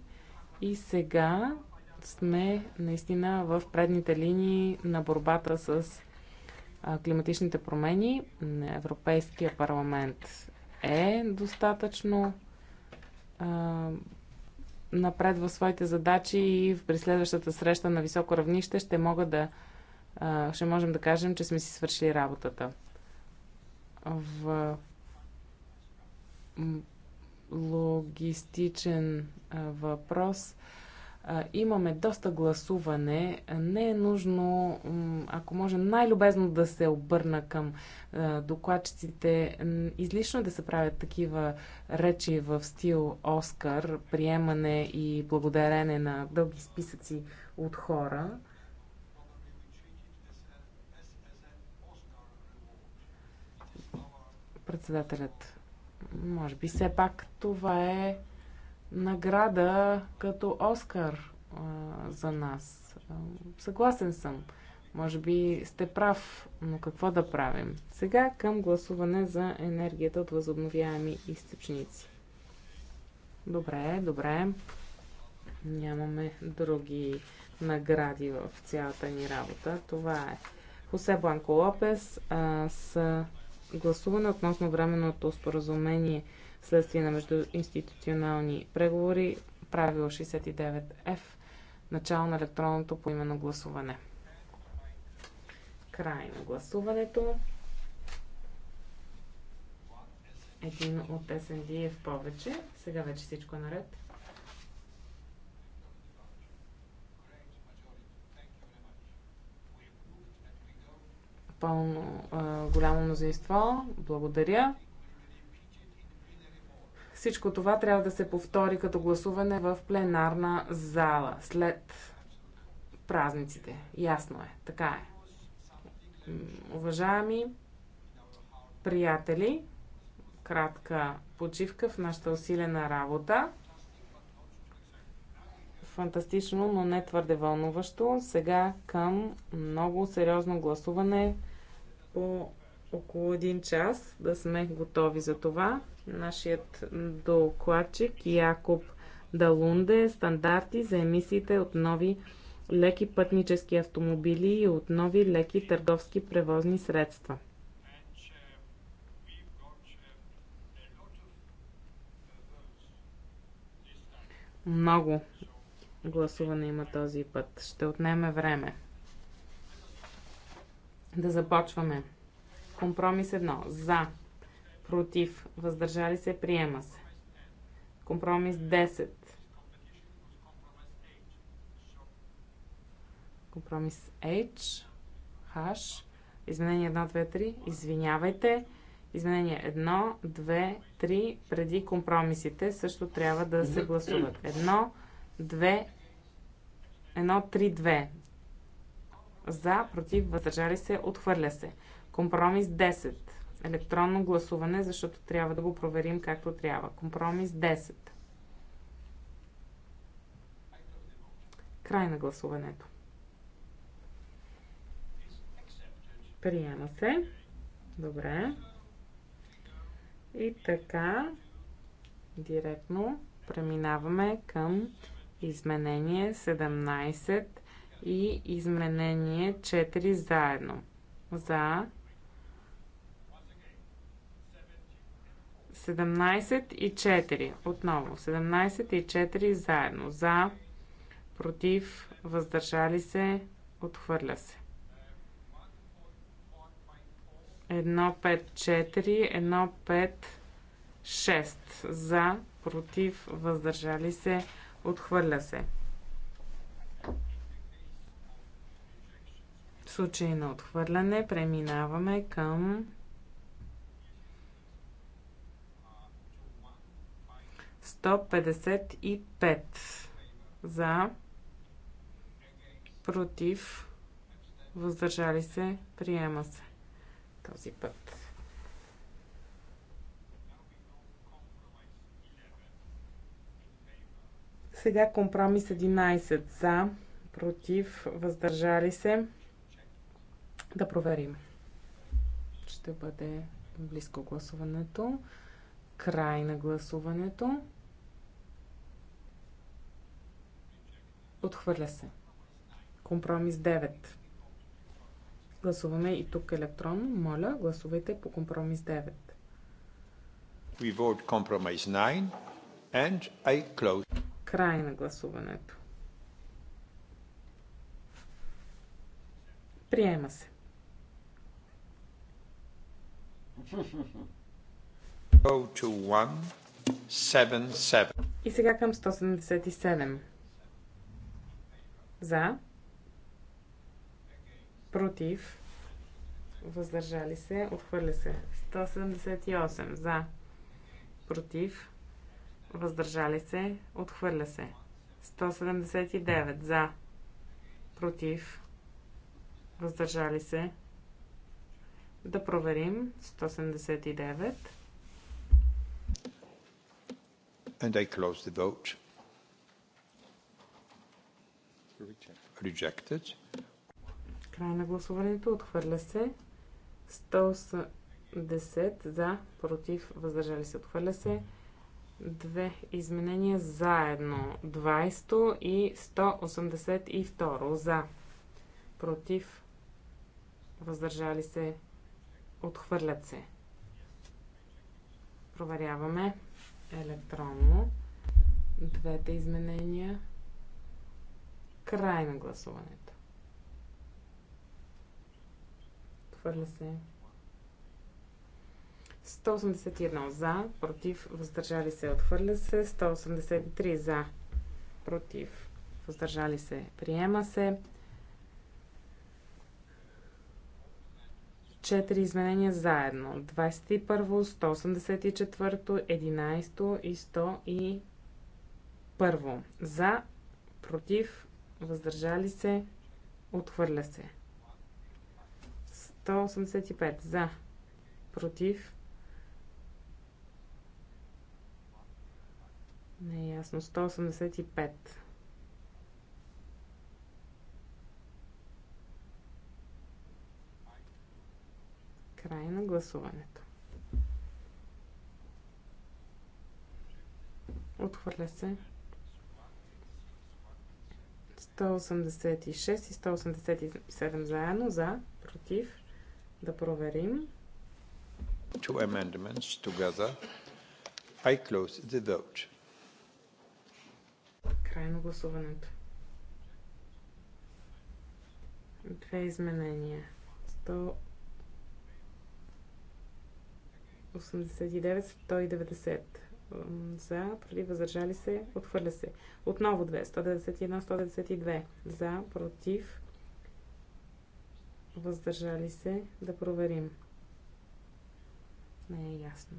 и сега сме наистина в предните линии на борбата с климатичните промени. Европейския парламент е достатъчно напредва своите задачи и в преследващата среща на високо равнище ще мога да ще можем да кажем, че сме си свършили работата. В логистичен въпрос. Имаме доста гласуване. Не е нужно, ако може най-любезно да се обърна към докладчиците, излишно е да се правят такива речи в стил Оскар, приемане и благодарене на дълги списъци от хора. Председателят може би все пак това е награда като Оскар а, за нас. А, съгласен съм. Може би сте прав, но какво да правим? Сега към гласуване за енергията от възобновяеми източници. Добре, добре. Нямаме други награди в цялата ни работа. Това е Хосе Бланко Лопес а, с гласуване относно временното споразумение следствие на междуинституционални преговори, правило 69F, начало на електронното поименно гласуване. Край на гласуването. Един от SND е в повече. Сега вече всичко е наред. пълно голямо мнозинство. Благодаря. Всичко това трябва да се повтори като гласуване в пленарна зала след празниците. Ясно е. Така е. Уважаеми приятели, кратка почивка в нашата усилена работа фантастично, но не твърде вълнуващо. Сега към много сериозно гласуване по около един час да сме готови за това. Нашият докладчик Якоб Далунде стандарти за емисиите от нови леки пътнически автомобили и от нови леки търговски превозни средства. Много гласуване има този път. Ще отнеме време. Да започваме. Компромис 1. За. Против. Въздържали се. Приема се. Компромис 10. Компромис H. H. Изменение 1, 2, 3. Извинявайте. Изменение 1, 2, 3 преди компромисите също трябва да се гласуват. 1, 2, 1-3-2. За, против, въздържали се, отхвърля се. Компромис 10. Електронно гласуване, защото трябва да го проверим както трябва. Компромис 10. Край на гласуването. Приема се. Добре. И така, директно преминаваме към изменение 17 и изменение 4 заедно. За 17 и 4. Отново. 17 и 4 заедно. За, против, въздържали се, отхвърля се. 1-5-4, 1-5-6. За, против, въздържали се, Отхвърля се. В случай на отхвърляне преминаваме към 155 за против въздържали се приема се този път. Сега компромис 11 за, против, въздържали се. Да проверим. Ще бъде близко гласуването. Край на гласуването. Отхвърля се. Компромис 9. Гласуваме и тук електронно. Моля, гласувайте по компромис 9. We vote compromise 9 and I close. Край на гласуването. Приема се. И сега към 177. За. Против. Въздържали се. Отхвърля се. 178. За. Против въздържали се, отхвърля се. 179 за, против, въздържали се. Да проверим. 179. And I close the vote. Rejected. Край на гласуването. Отхвърля се. 110 за, против, въздържали се. Отхвърля се две изменения заедно. 20 и 182 за. Против. Въздържали се. Отхвърлят се. Проверяваме електронно двете изменения. Край на гласуването. Отхвърля се. 181 за, против, въздържали се, отхвърля се. 183 за, против, въздържали се, приема се. 4 изменения заедно. 21, 184, 11 и 101. За, против, въздържали се, отхвърля се. 185 за, против, Не е ясно. 185. Край на гласуването. Отхвърля се. 186 и 187 заедно за, против. Да проверим. Two amendments together. I close the vote. Край на гласуването. Две изменения. 189-190 за, против, въздържали се, отхвърля се. Отново 2, 191-192 за, против, въздържали се, да проверим. Не е ясно.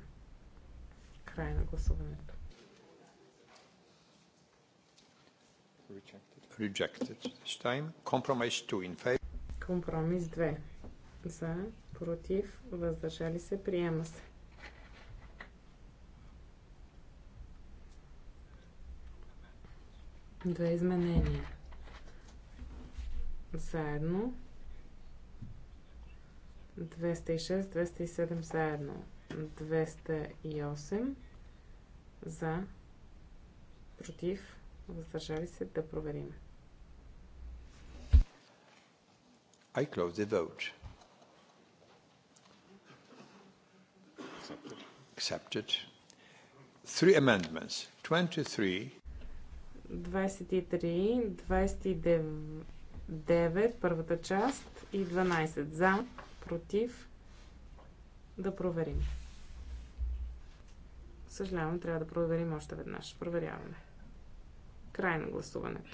Край на гласуването. Rejected. Rejected this Compromise 2 in favor. Компромис 2. За, против, въздържали се, приема се. Две изменения. Заедно. 206, 207 заедно. 208 за, против, въздържали се да проверим. I close the vote. Accepted. Three amendments. 23. 23, 29, 9, първата част и 12 за, против, да проверим. Съжалявам, трябва да проверим още веднъж. Проверяваме. Край на гласуването.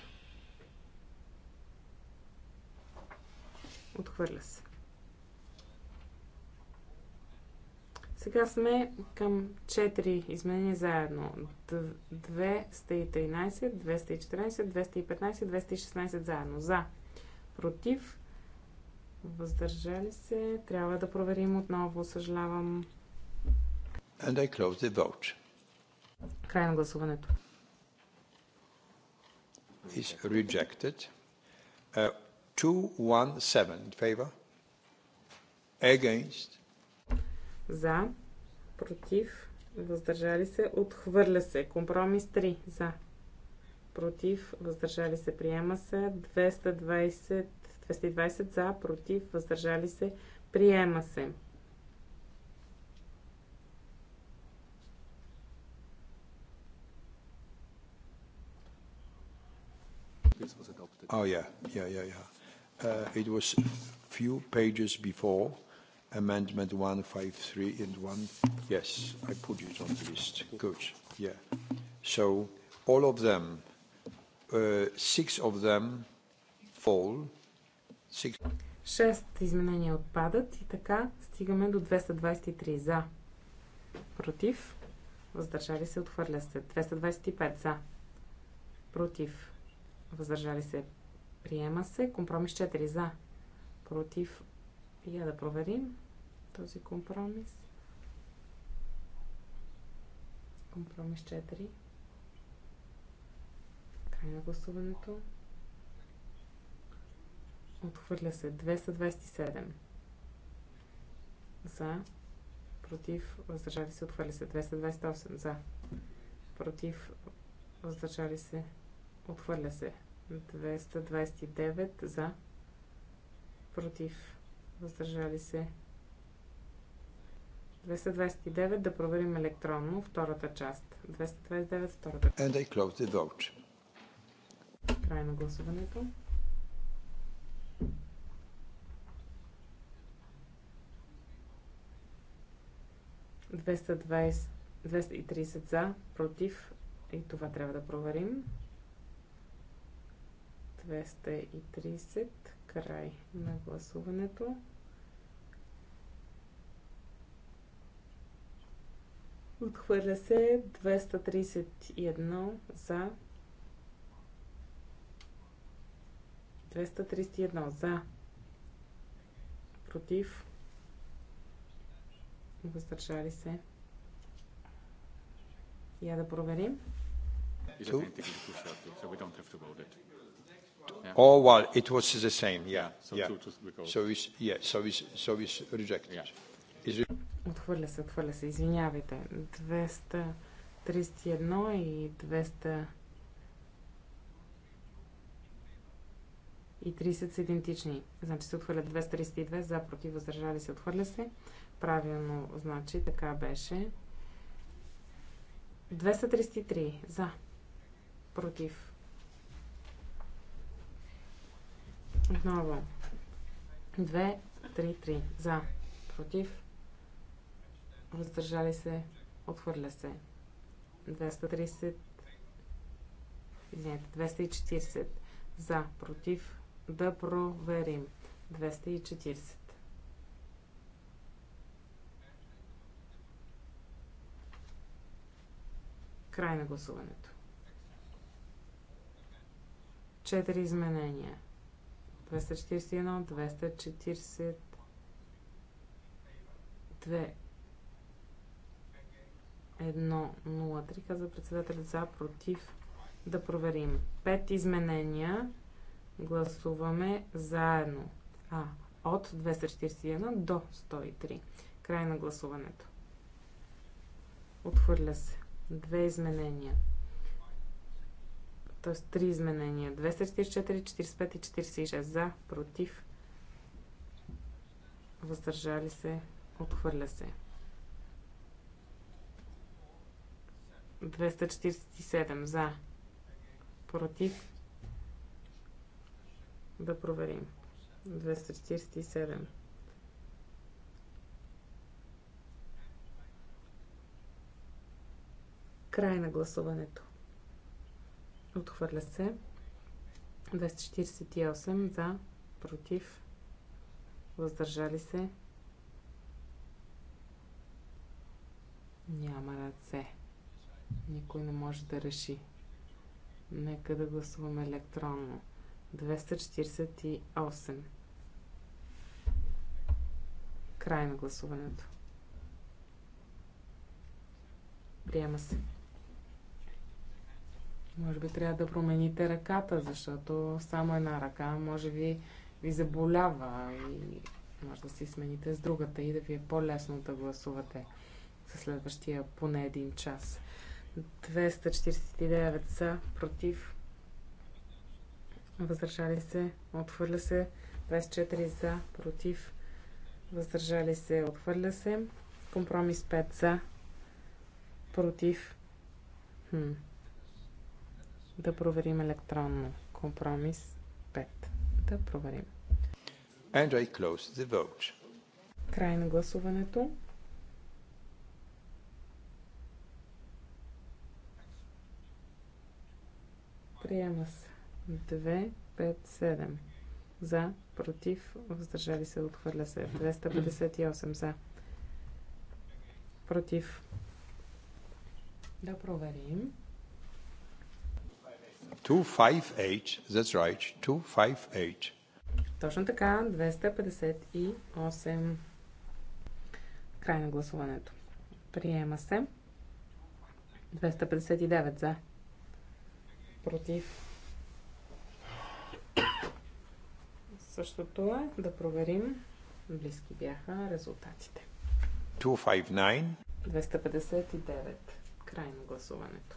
Отхвърля се. Сега сме към 4 изменения заедно. 213, 214, 215, 216 заедно. За. Против. Въздържали се. Трябва да проверим отново. Съжалявам. And I close the vote. Край на гласуването is rejected. 217 uh, in favor. Against. За. Против. Въздържали се. Отхвърля се. Компромис 3. За. Против. Въздържали се. Приема се. 220. 220 за. Против. Въздържали се. Приема се. Oh, yeah, yeah, yeah, yeah. Uh, it was a few pages before amendment 153 and 1. Yes, I put it on the list. Good, yeah. So all of them, uh, six of them fall. Six. Шест изменения отпадат и така стигаме до 223 за. Против. Въздържали се, отхвърля се. 225 за. Против. Въздържали се, Приема се. Компромис 4 за. Против. Я да проверим този компромис. Компромис 4. Край на гласуването. Отхвърля се. 227. За. Против. Въздържали се. Отхвърля се. 228. За. Против. Въздържали се. Отхвърля се. 229 за, против, въздържали се. 229 да проверим електронно втората част. 229 втората част. And I close the vote. Край на гласуването. Двеста 230 за, против и това трябва да проверим. 230. Край на гласуването. Отхвърля се 231 за. 231 за. Против. Въздържали се. Я да проверим. Two. Oh, well, it was the same, yeah. yeah. So it's, yeah, so it's, so it's rejected. Is Отхвърля се, отхвърля се. Извинявайте. 231 и 200 и 30 са идентични. Значи се отхвърлят 232 за, против, въздържали се, отхвърля се. Правилно, значи, така беше. 233 за, против, Отново. 2, 3, 3. За. Против. Въздържали се. Отхвърля се. 230. Извинете. 240. За. Против. Да проверим. 240. Край на гласуването. Четири изменения. 241, 242 103, каза председателят за, против, да проверим. Пет изменения гласуваме заедно. А, от 241 до 103. Край на гласуването. Отхвърля се. Две изменения т.е. три изменения. 244, 45 и 46 за, против, въздържали се, отхвърля се. 247 за, против, да проверим. 247. Край на гласуването. Отхвърля се. 248 за, против, въздържали се. Няма ръце. Никой не може да реши. Нека да гласуваме електронно. 248. Край на гласуването. Приема се. Може би трябва да промените ръката, защото само една ръка може би ви заболява и може да си смените с другата и да ви е по-лесно да гласувате за следващия поне един час. 249 са против. Въздържали се. Отхвърля се. 24 за против. Въздържали се. Отхвърля се. Компромис 5 за против. Хм. Да проверим електронно. Компромис 5. Да проверим. And I close the vote. Край на гласуването. Приема се. 2, 5, 7. За, против, въздържали се, отхвърля се. 258 за. Против. Да проверим. 258, that's right, 258. Точно така, 258. Край на гласуването. Приема се. 259 за. Против. Същото е да проверим. Близки бяха резултатите. 259. 259. Край на гласуването.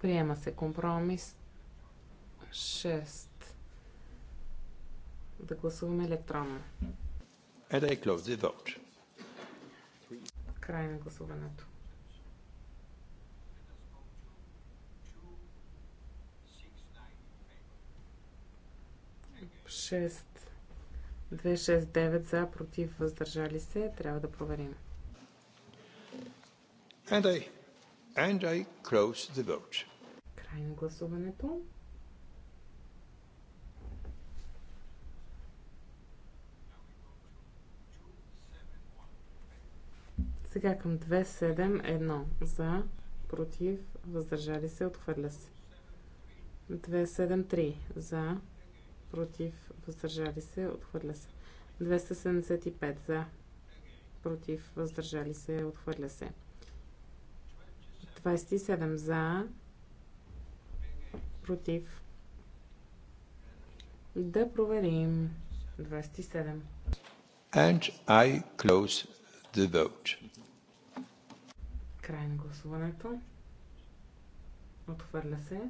Приема се компромис 6. Да гласуваме електронно. And I close the vote. Край на гласуването. Шест. девет за, против, въздържали се. Трябва да проверим. And I And I close the vote. Край на гласуването. Сега към 271 за, против, въздържали се, отхвърля се. 273 за, против, въздържали се, отхвърля се. 275 за, против, въздържали се, отхвърля се. 27 за, против. Да проверим. 27. And I close the vote. Край на гласуването. Отхвърля се.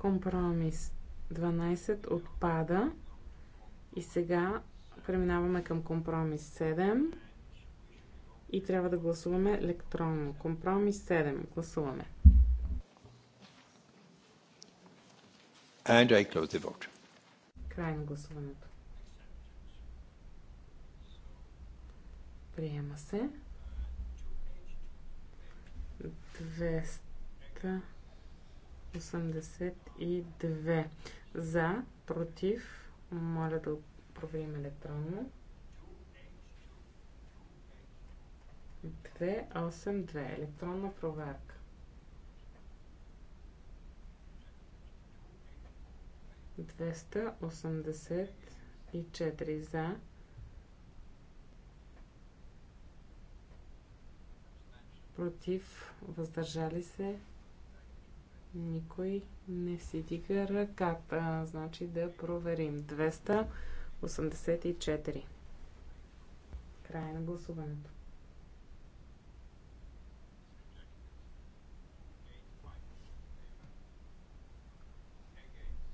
Компромис 12 отпада. И сега преминаваме към компромис 7. И трябва да гласуваме електронно. Компромис 7. Гласуваме. And I close the vote. Край на гласуването. Приема се. 200. 82. За, против, моля да проверим електронно. 282. Електронна проверка. Двеста осемдесет и четири за. Против, въздържали се, никой не си дига ръката. Значи да проверим. 284. Край на гласуването.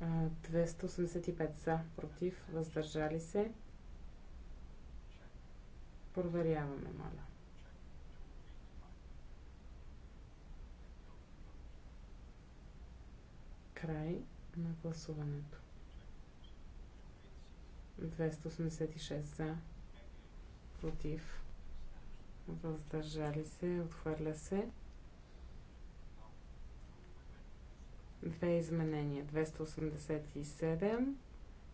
А, 285 за, против, въздържали се. Проверяваме, моля. Край на гласуването. 286 за. Против. Въздържали се. Отхвърля се. Две изменения. 287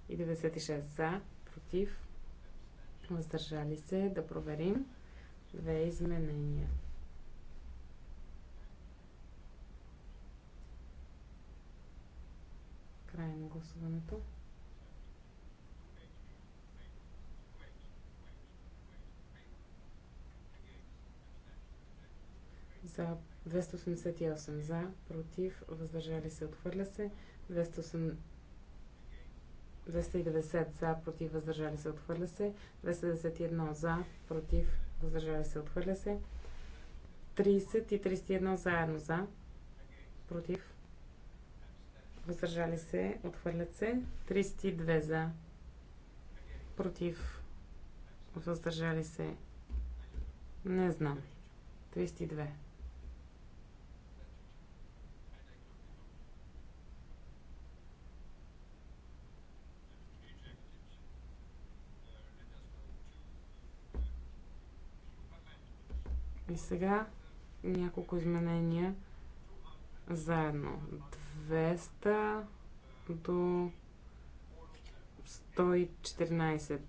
и 96 за. Против. Въздържали се. Да проверим. Две изменения. края на гласуването. За 288 за, против, въздържали се, отхвърля се. 208... 290 за, против, въздържали се, отхвърля се. 291 за, против, въздържали се, отхвърля се. 30 и 31 заедно за, против, въздържали се, отхвърлят се. 32 за, против, въздържали се, не знам. 32. И сега няколко изменения заедно. 200 до 114.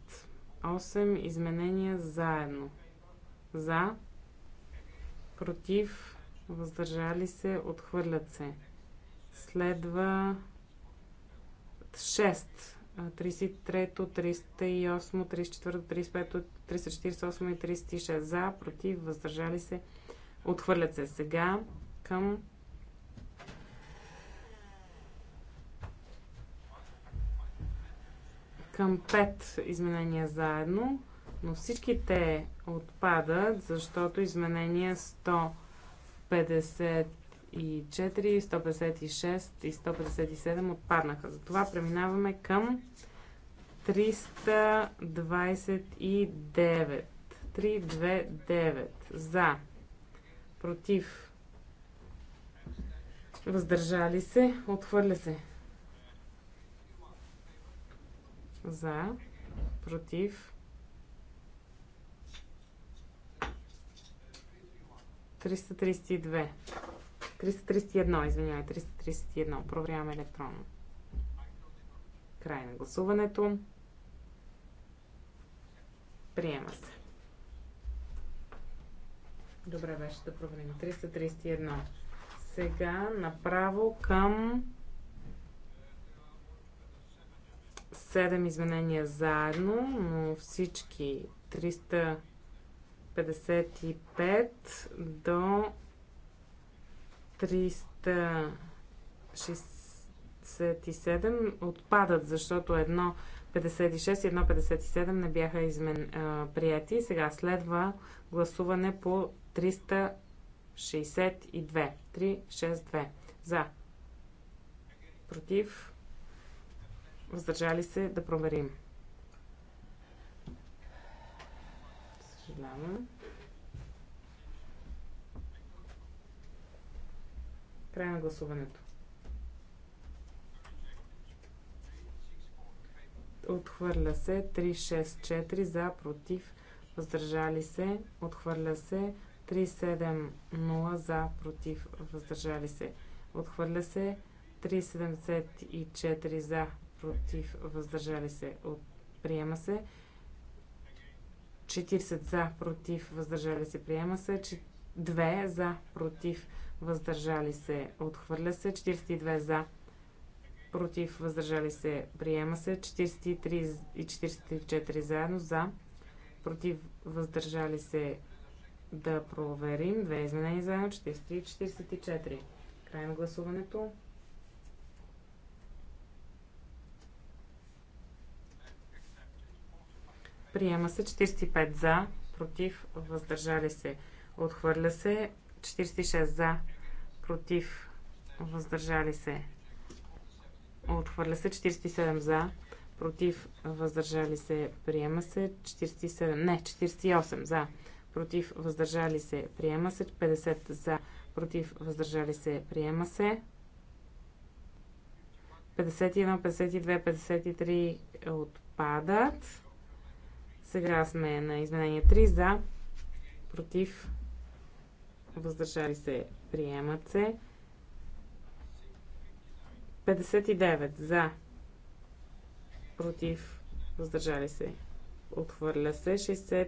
8 изменения заедно. За, против, въздържали се, отхвърлят се. Следва 6. 33, 308, 34, 35, 348 и 36 за, против, въздържали се, отхвърлят се. Сега към към пет изменения заедно, но всички те отпадат, защото изменения 154, 156 и 157 отпаднаха. Затова преминаваме към 329. 329 за, против, въздържали се, отхвърля се. за, против. 332. 331, извинявай, 331. Проверяваме електронно. Край на гласуването. Приема се. Добре беше да проверим. 331. Сега направо към 7 изменения заедно, но всички 355 до 367 отпадат, защото едно 56 и 1,57 не бяха измен, а, прияти. Сега следва гласуване по 362. 362. За. Против въздържали се да проверим. Съжалявам. Край на гласуването. Отхвърля се 364 за, против, въздържали се. Отхвърля се 370 за, против, въздържали се. Отхвърля се 374 за, против, въздържали се, от... приема се. 40 за, против, въздържали се, приема се. 2 за, против, въздържали се, отхвърля се. 42 за, против, въздържали се, приема се. 43 и 44 заедно за, против, въздържали се, да проверим. Две изменения заедно, 40 и 44. Край на гласуването. Приема се 45 за, против, въздържали се. Отхвърля се 46 за, против, въздържали се. Отхвърля се 47 за, против, въздържали се. Приема се 47, не, 48 за, против, въздържали се. Приема се 50 за, против, въздържали се. Приема се 51, 52, 53 отпадат. Сега сме на изменение 3 за, против, въздържали се, приемат се. 59 за, против, въздържали се, отхвърля се. 60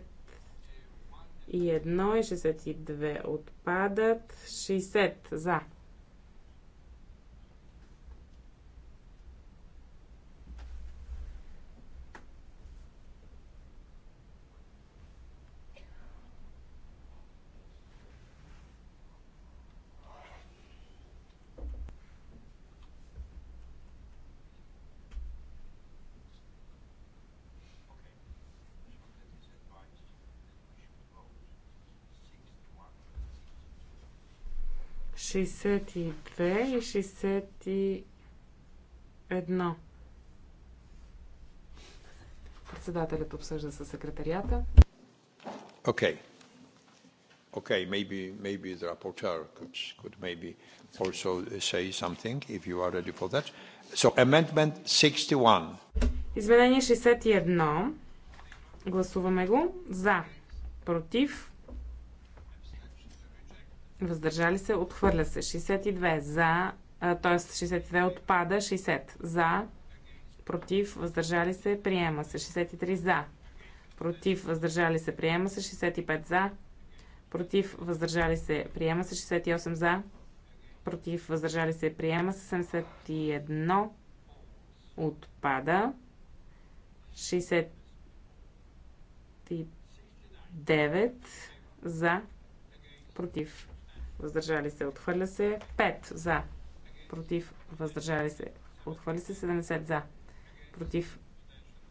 и 62 отпадат. 60 за 62 и 61. Председателят обсъжда със секретарията. Окей. Окей, maybe, maybe the rapporteur could, could maybe also say something if you are ready for that. So amendment 61. Изменение 61. Гласуваме го. За. Против въздържали се, отхвърля се. 62 за, т.е. 62 отпада, 60 за, против, въздържали се, приема се. 63 за, против, въздържали се, приема се. 65 за, против, въздържали се, приема се. 68 за, против, въздържали се, приема се. 71 отпада. 69 за, против, въздържали се, отхвърля се. 5 за, против, въздържали се, отхвърля се. 70 за, против,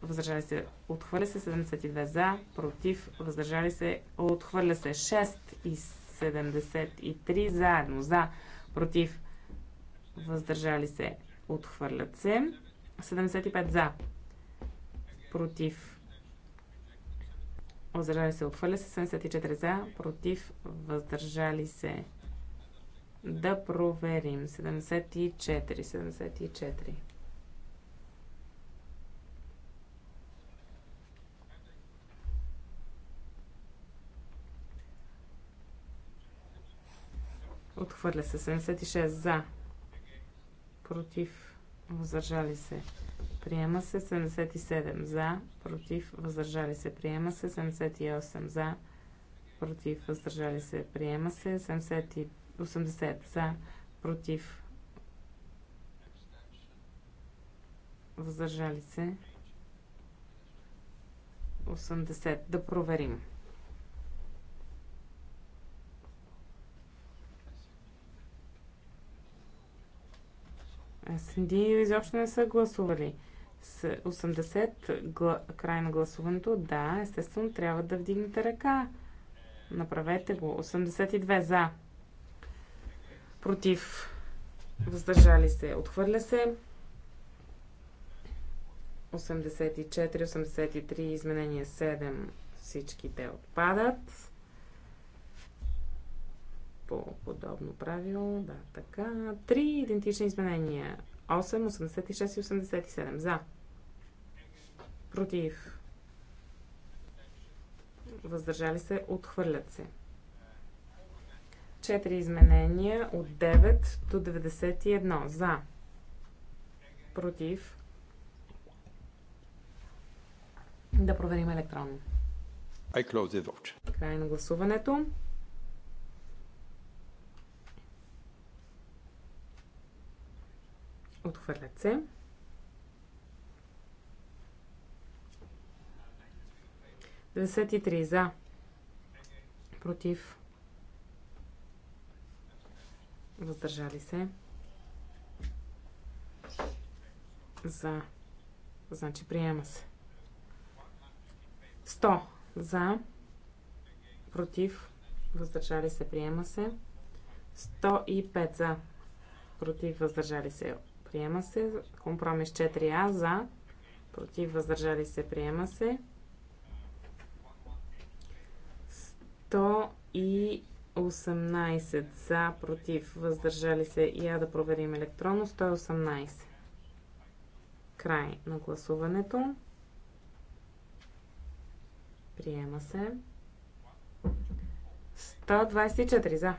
въздържали се, отхвърля се. 72 за, против, въздържали се, отхвърля се. 6 и 73 заедно за, против, въздържали се, отхвърлят се. 75 за, против, въздържали се, отхвърля се. 74 за, против, въздържали се, да проверим. 74. 74. Отхвърля се. 76 за. Против. Въздържали се. Приема се 77 за. Против. Въздържали се. Приема се 78 за. Против. Въздържали се. Приема се 75. 80 за, против, въздържали се. 80. Да проверим. СНД изобщо не са гласували. С 80 гла... край на гласуването, да, естествено трябва да вдигнете ръка. Направете го. 82 за против, въздържали се, отхвърля се. 84, 83, изменение 7, всички те отпадат. По подобно правило, да, така. Три идентични изменения. 8, 86 и 87. За. Против. Въздържали се, отхвърлят се. 4 изменения от 9 до 91. За. Против. Да проверим електронно. I close the vote. Край на гласуването. Отхвърлят се. Десет и три за. Против въздържали се. За. Значи приема се. 100 за, против, въздържали се, приема се. 105 за, против, въздържали се, приема се. Компромис 4а за, против, въздържали се, приема се. 100 и 118 за, против, въздържали се. Я да проверим електронно. 118. Край на гласуването. Приема се. 124 за.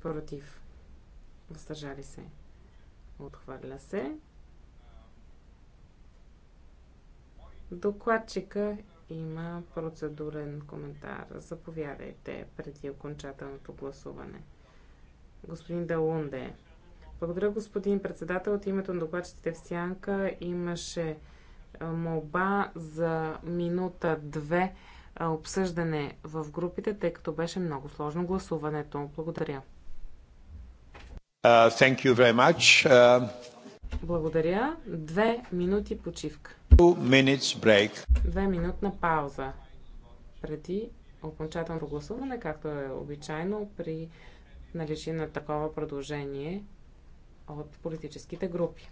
Против. Въздържали се. Отхвърля се. Докладчика има процедурен коментар. Заповядайте преди окончателното гласуване. Господин Далунде. Благодаря, господин председател. От името на докладчиците в Сянка имаше молба за минута-две обсъждане в групите, тъй като беше много сложно гласуването. Благодаря. Uh, thank you very much. Uh... Благодаря. Две минути почивка. Две минутна пауза преди окончателното гласуване, както е обичайно при наличие на такова предложение от политическите групи.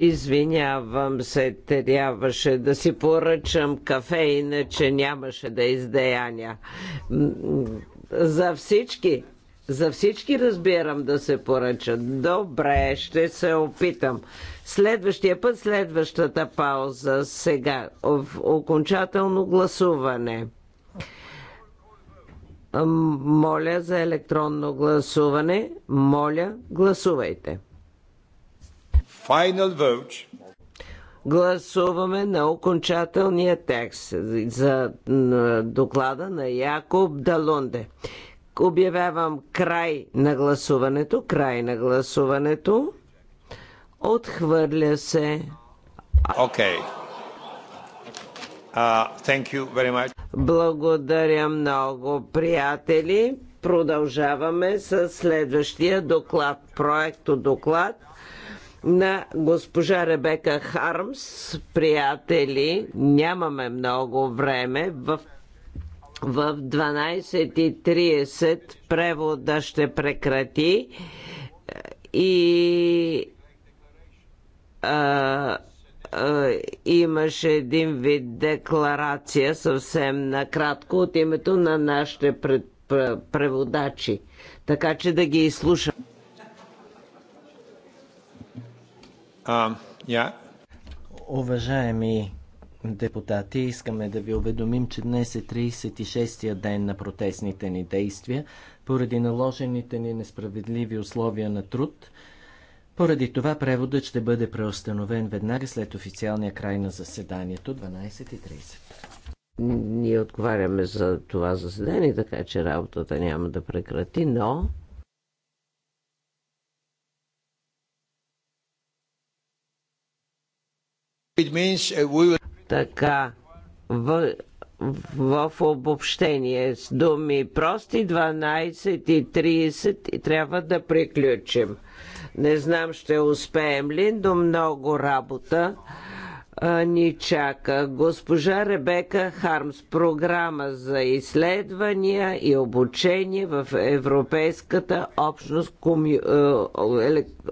Извинявам се, трябваше да си поръчам кафе, иначе нямаше да издеяня. За всички. За всички разбирам да се поръчат. Добре, ще се опитам. Следващия път, следващата пауза, сега, в окончателно гласуване. Моля за електронно гласуване. Моля, гласувайте. Final vote. Гласуваме на окончателния текст за доклада на Якоб Далунде. Обявявам край на гласуването. Край на гласуването. Отхвърля се. Окей. Okay. Uh, Благодаря много, приятели. Продължаваме с следващия доклад, проекто доклад на госпожа Ребека Хармс. Приятели, нямаме много време. В в 12.30 превода ще прекрати и а, а, имаше един вид декларация съвсем накратко от името на нашите пред, преводачи. Така че да ги изслушам. Уважаеми депутати, искаме да ви уведомим, че днес е 36-я ден на протестните ни действия, поради наложените ни несправедливи условия на труд. Поради това преводът ще бъде преустановен веднага след официалния край на заседанието 12.30. Ние отговаряме за това заседание, така че работата няма да прекрати, но Uh, така, в, в, в обобщение с думи прости 12 и и трябва да приключим. Не знам ще успеем ли, до много работа ни чака. Госпожа Ребека Хармс, програма за изследвания и обучение в Европейската общност, комю...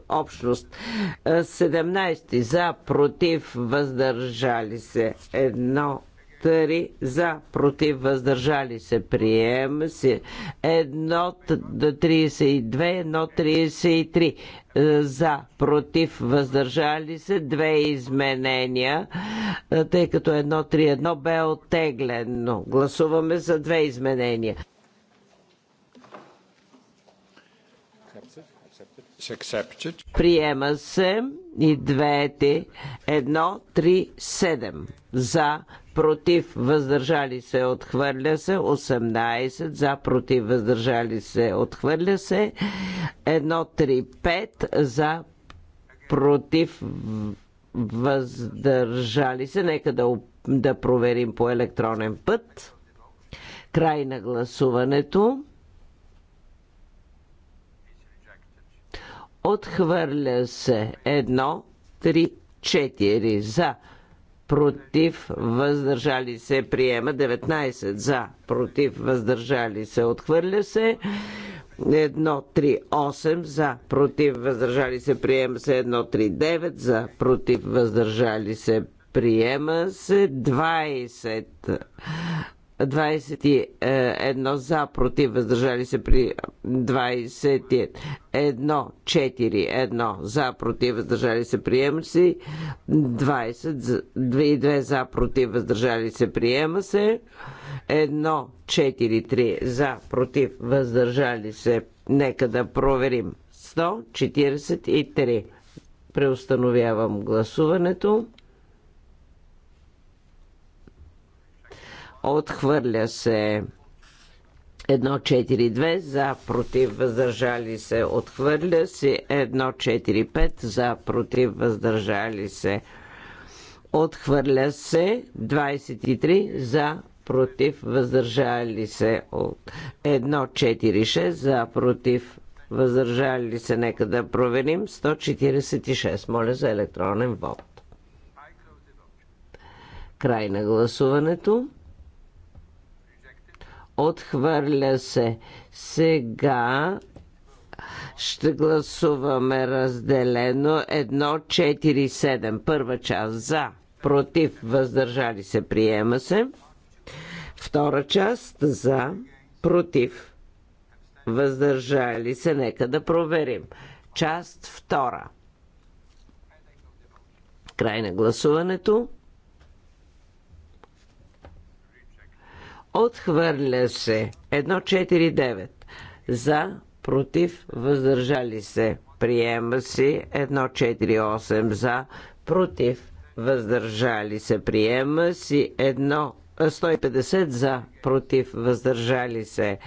общност. 17 за, против, въздържали се. Едно 3 за, против, въздържали се, приема се. 1.32, 1.33 е, за, против, въздържали се, две изменения, е, тъй като 1.31 бе оттеглено. Гласуваме за две изменения. Приема се и двете Едно три, седем за, против, въздържали се, отхвърля се, 18 за, против, въздържали се, отхвърля се, 1-3-5 за, против, въздържали се. Нека да, да проверим по електронен път. Край на гласуването. Отхвърля се 1, 3, 4 за против, въздържали се, приема 19 за, против, въздържали се, отхвърля се. 3, 8 за, против, въздържали се, приема се 9 за, против, въздържали се, приема се 20 21 за, против, въздържали се при 21, 4, 1 за, против, въздържали се, приема се. 22 за, против, въздържали се, приема се. 1, 4, 3 за, против, въздържали се. Нека да проверим. 143. Преустановявам гласуването. Отхвърля се 1-4-2 за против въздържали се. Отхвърля се 1-4-5 за против въздържали се. Отхвърля се 23 за против въздържали се. От 1-4-6 за против въздържали се. Нека да проверим 146. Моля за електронен вод. Край на гласуването. Отхвърля се. Сега ще гласуваме разделено 1-4-7. Първа част за, против, въздържали се, приема се. Втора част за, против, въздържали се. Нека да проверим. Част втора. Край на гласуването. Отхвърля се. 149. За, против, въздържали се. Приема си 148 за, против, въздържали се. Приема си 1 150 за, против, въздържали се.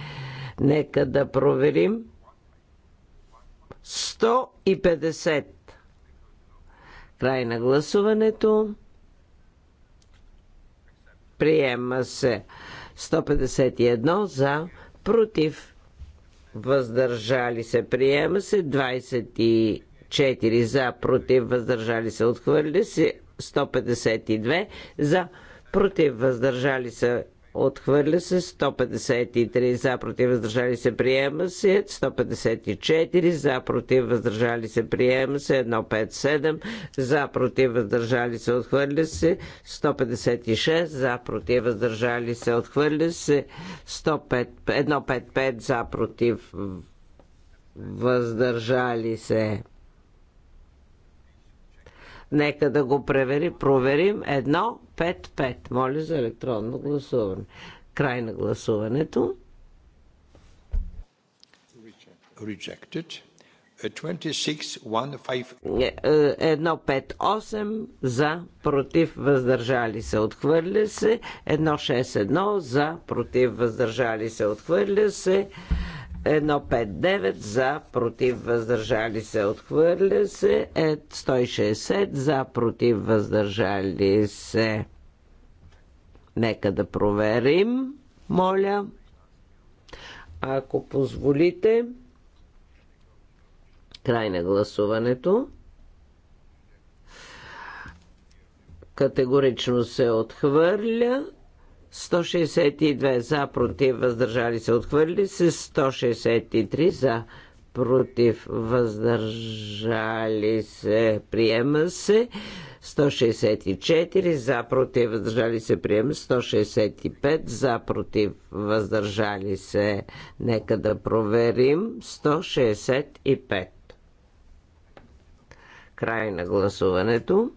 Нека да проверим. 150. Край на гласуването. Приема се. 151 за, против, въздържали се, приема се 24 за, против, въздържали се, отхвърли се 152 за, против, въздържали се, Отхвърля се 153 за против въздържали се приема се 154 за против въздържали се приема се 157 за против въздържали се отхвърля се 156 за против въздържали се отхвърля се 105, 155 за против въздържали се Нека да го провери, проверим. Едно 5 5 Моля за електронно гласуване. Край на гласуването. Rejected. 8 е, е, е, за, против, въздържали се, отхвърля се. 161 за, против, въздържали се, отхвърля се. 159 за, против, въздържали се, отхвърля се. Е 160 за, против, въздържали се. Нека да проверим, моля. Ако позволите, край на гласуването. Категорично се отхвърля. 162 за, против, въздържали се, отхвърли се. 163 за, против, въздържали се, приема се. 164 за, против, въздържали се, приема се. 165 за, против, въздържали се. Нека да проверим. 165. Край на гласуването.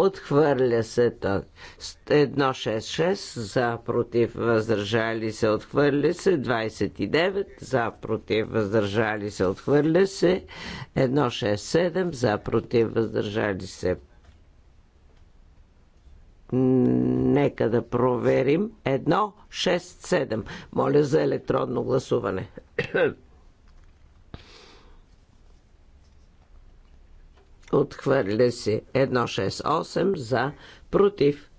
Отхвърля се то. 166 за против въздържали се, отхвърля се. 29 за против въздържали се, отхвърля се. 167 за против въздържали се. Нека да проверим. 167. Моля за електронно гласуване. Отхвърля се 168 за против.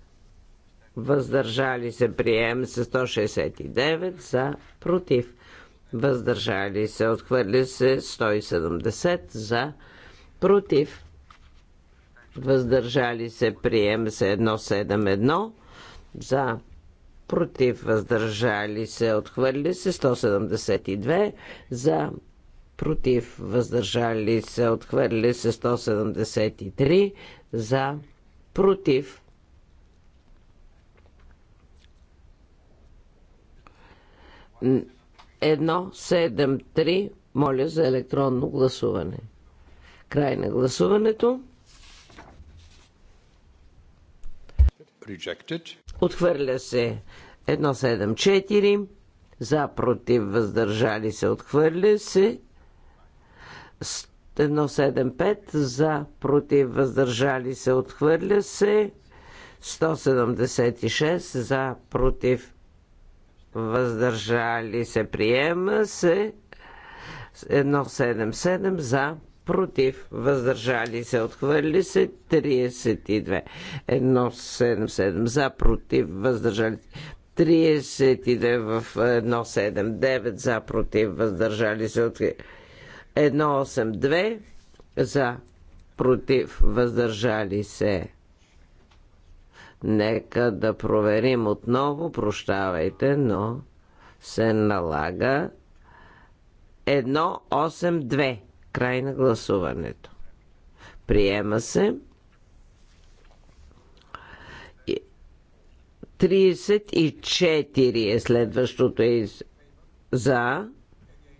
Въздържали се прием се 169 за против. Въздържали се отхвърля се 170 за против. Въздържали се прием се 171 за против. Въздържали се отхвърли се 172 за против, въздържали се, отхвърли се 173, за, против. Едно, седем, три, моля за електронно гласуване. Край на гласуването. Rejected. Отхвърля се 174, за против въздържали се, отхвърля се 175 за, против, въздържали се, отхвърля се. 176 за, против, въздържали се, приема се. 177 за, против, въздържали се, отхвърли се 32. 177 за, против, въздържали се. 32 в 179 за, против, въздържали се, отхвърли 182 за против въздържали се. Нека да проверим отново, прощавайте, но се налага 182. Край на гласуването. Приема се. 34 е следващото из... за,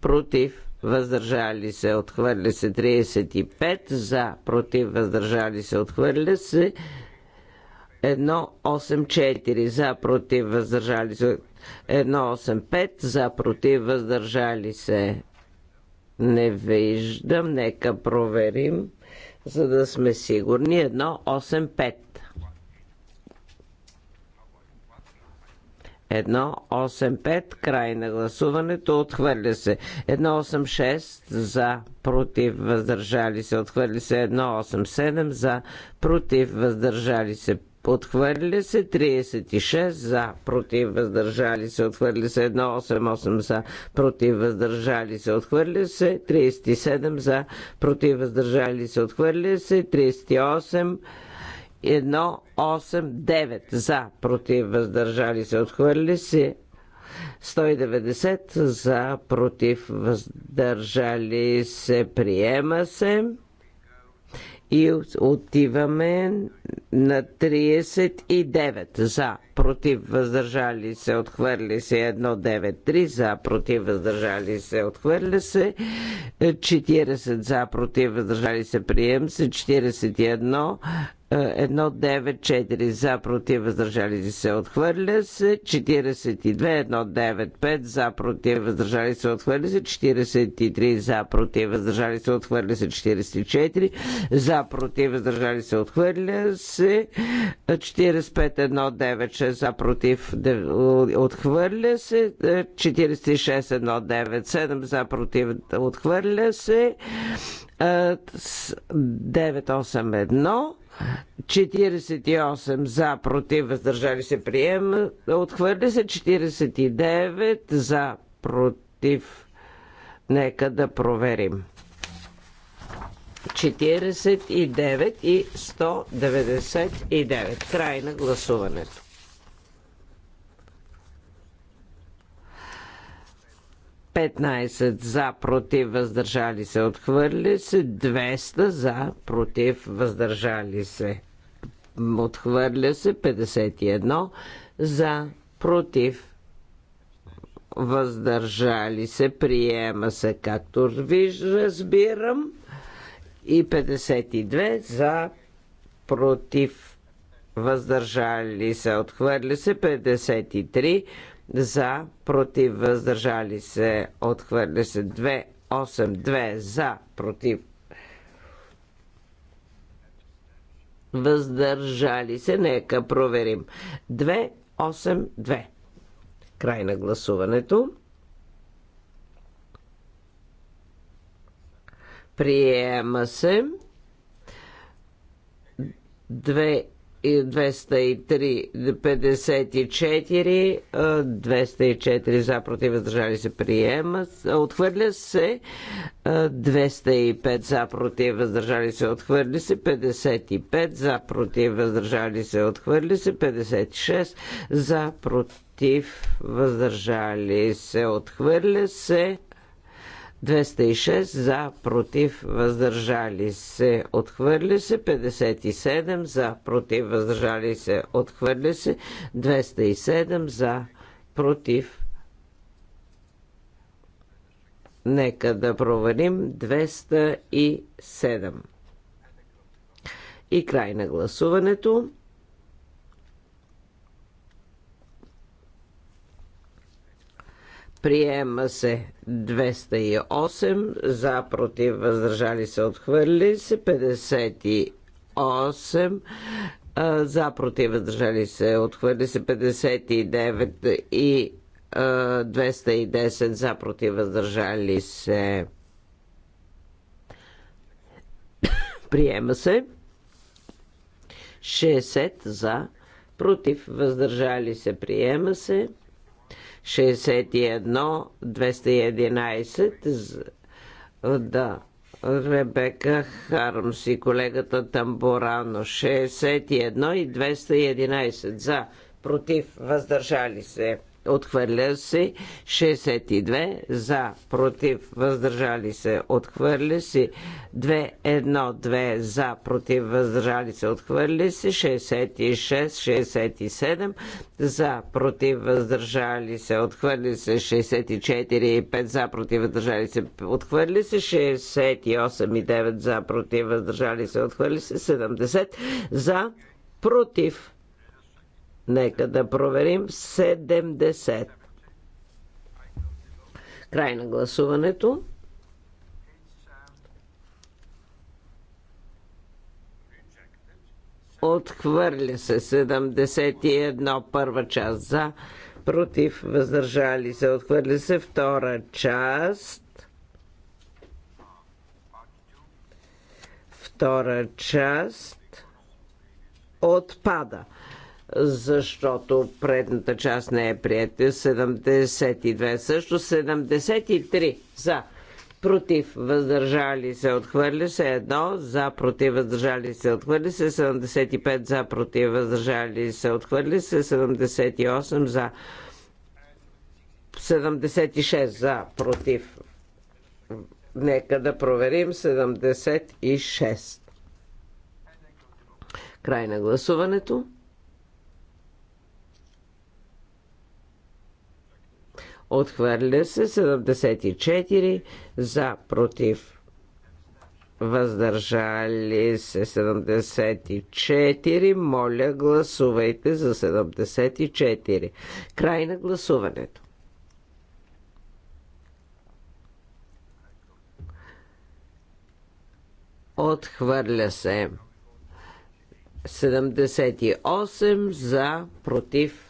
против, въздържали се, отхвърля се 35, за, против, въздържали се, отхвърля се 184, за, против, въздържали се 185, за, против, въздържали се. Не виждам, нека проверим, за да сме сигурни. 185. 185, край на гласуването, отхвърля се. 186 за, против, въздържали се, отхвърля се. 187 за, против, въздържали се, Отхвърли се 36 за, против въздържали се, отхвърли се 188 за, против въздържали се, отхвърли се 37 за, против въздържали се, отхвърли се 38 189 за, против, въздържали се, отхвърли се. 190 за, против, въздържали се, приема се. И отиваме на 39 за, против, въздържали се, отхвърли се 193 за, против, въздържали се, отхвърли се 40 за, против, въздържали се, прием се 41 194 за против въздържали се отхвърля се 42 9-5 за против въздържали се отхвърля се 43 за против въздържали се отхвърля се 44 за против въздържали се отхвърля се 45 9-6 за против отхвърля се 46 197 за против отхвърля се 981 48 за, против, въздържали се, приема. Отхвърли се 49 за, против. Нека да проверим. 49 и 199. Край на гласуването. 15 за, против, въздържали се, отхвърли се. 200 за, против, въздържали се, отхвърля се. 51 за, против, въздържали се, приема се, както виж, разбирам. И 52 за, против, въздържали се, отхвърля се. 53 за, против, въздържали се, отхвърля се 2, 8, 2 за, против, въздържали се, нека проверим. 2, 8, 2. Край на гласуването. Приема се. 2, 203-54, 204 за против въздържали се приема, отхвърля се, 205 за против въздържали се отхвърли се, 55 за против въздържали се отхвърли се, 56 за против въздържали се отхвърля се. 206 за, против, въздържали се, отхвърли се. 57 за, против, въздържали се, отхвърли се. 207 за, против. Нека да проверим 207. И край на гласуването. Приема се 208 за против въздържали се отхвърли се 58 за против въздържали се отхвърли се 59 и 210 за против въздържали се приема се 60 за против въздържали се приема се 61 211 да Ребека Хармс и колегата Тамборано 61 и 211 за против въздържали се отхвърля се 62 за, против, въздържали се, отхвърля се 212 за, против, въздържали се, отхвърля се 66, 67 за, против, въздържали се, отхвърли се 64 и 5 за, против, въздържали се, отхвърли се 68 и 9 за, против, въздържали се, отхвърли се 70 за, против, Нека да проверим 70. Край на гласуването. Отхвърля се 71 първа част за, против, въздържали се. Отхвърля се втора част. Втора част отпада защото предната част не е приятел. 72 също, 73 за против въздържали се отхвърли се Едно, за против въздържали се отхвърли се 75, за против въздържали се отхвърли се 78, за 76, за против. Нека да проверим 76. Край на гласуването. Отхвърля се 74 за против. Въздържали се 74. Моля, гласувайте за 74. Край на гласуването. Отхвърля се 78 за против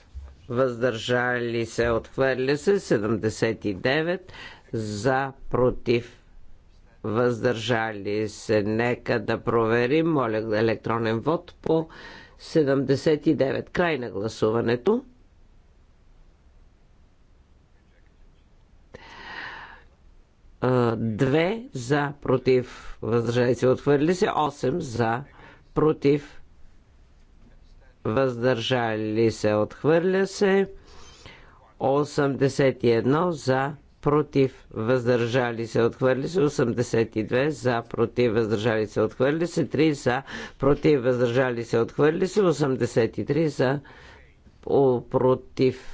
въздържали се, отхвърля се 79 за, против, въздържали се. Нека да проверим, моля, електронен вод по 79. Край на гласуването. Две за, против, въздържали се, отхвърли се. 8 за, против, въздържали се, отхвърля се. 81 за, против, въздържали се, отхвърли се, 82 за, против, въздържали се, отхвърли се, 3 за, против, въздържали се, отхвърли се, 83 за, о, против,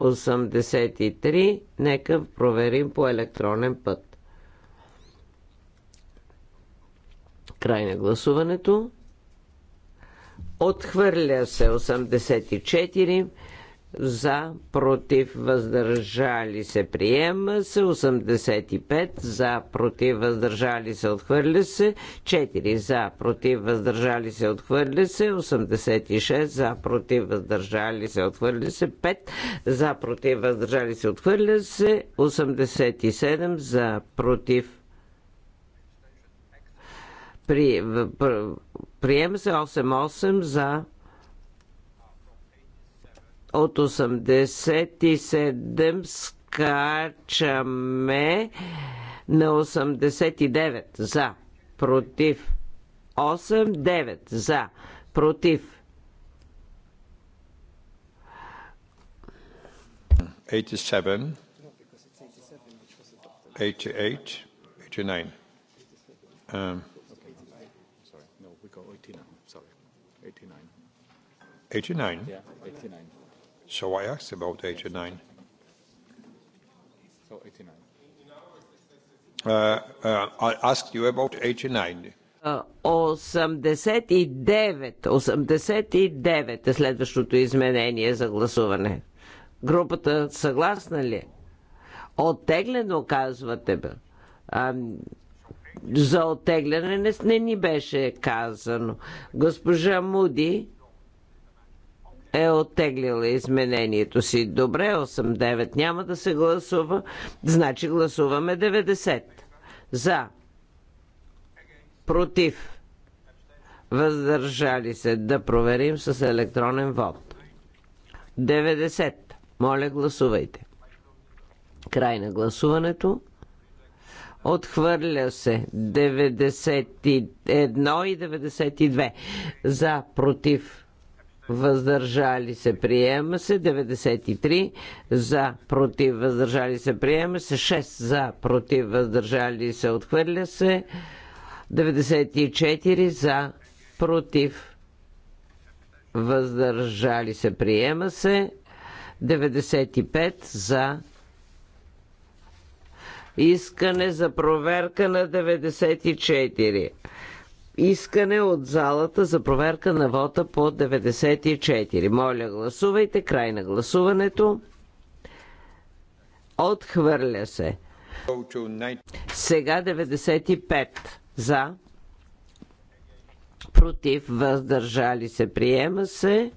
83. Нека проверим по електронен път. Край на гласуването. Отхвърля се 84 за, против, въздържали се, приема се, 85 за, против, въздържали се, отхвърля се, 4 за, против, въздържали се, отхвърля се, 86 за, против, въздържали се, отхвърля се, 5 за, против, въздържали се, отхвърля се, 87 за, против, при, Прием се 8-8 за от 87 скачаме на 89 за против 8-9 за против 87 88 89 um. 89? Yeah, 89. So I asked about 89. So 89. Uh, uh, I asked you about 89. 89. 89 е следващото изменение за гласуване. Групата съгласна ли? Оттеглено, казвате бе. А, за оттегляне не, не ни беше казано. Госпожа Муди е оттеглила изменението си. Добре, 8-9 няма да се гласува, значи гласуваме 90. За. Против. Въздържали се да проверим с електронен вод. 90. Моля, гласувайте. Край на гласуването. Отхвърля се 91 и 92. За, против, въздържали се, приема се, 93 за, против, въздържали се, приема се, 6 за, против, въздържали се, отхвърля се, 94 за, против, въздържали се, приема се, 95 за, искане за проверка на 94 искане от залата за проверка на вота по 94. Моля, гласувайте. Край на гласуването. Отхвърля се. Сега 95 за. Против, въздържали се, приема се.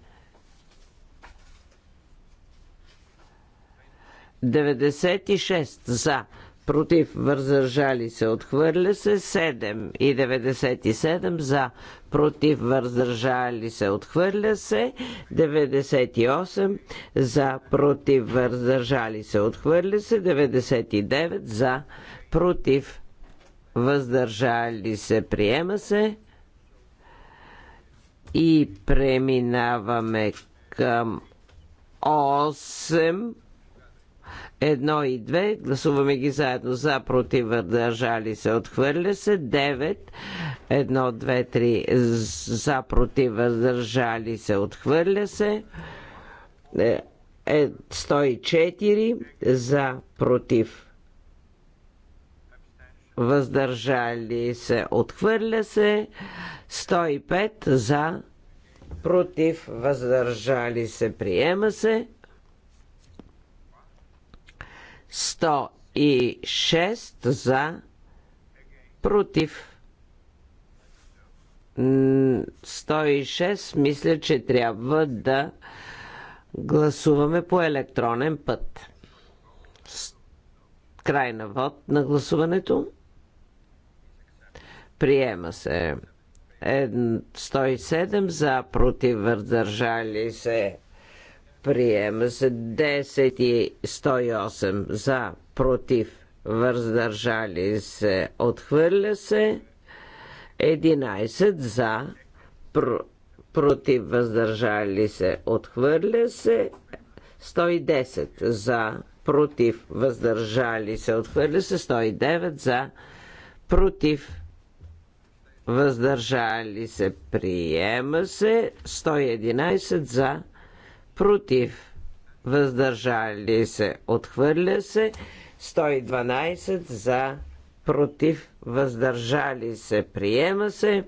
96 за против, въздържали се, отхвърля се 7 и 97 за, против, въздържали се, отхвърля се 98 за, против, въздържали се, отхвърля се 99 за, против, въздържали се, приема се и преминаваме към 8 Едно и две, гласуваме ги заедно за, против, въздържали се, отхвърля се. Девет, едно, две, три, за, против, въздържали се, отхвърля се. 104 е, е, за, против, въздържали се, отхвърля се. 105 за, против, въздържали се, приема се. 106 за, против 106. Мисля, че трябва да гласуваме по електронен път. Край на вод на гласуването. Приема се. 107 за, против, въздържали се прием с 10 и 108 за, против, въздържали се, отхвърля се, 11 за, пр- против, въздържали се, отхвърля се, 110 за, против, въздържали се, отхвърля се, 109 за, против, въздържали се, приема се, 111 за, против, въздържали се, отхвърля се, 112 за, против, въздържали се, приема се,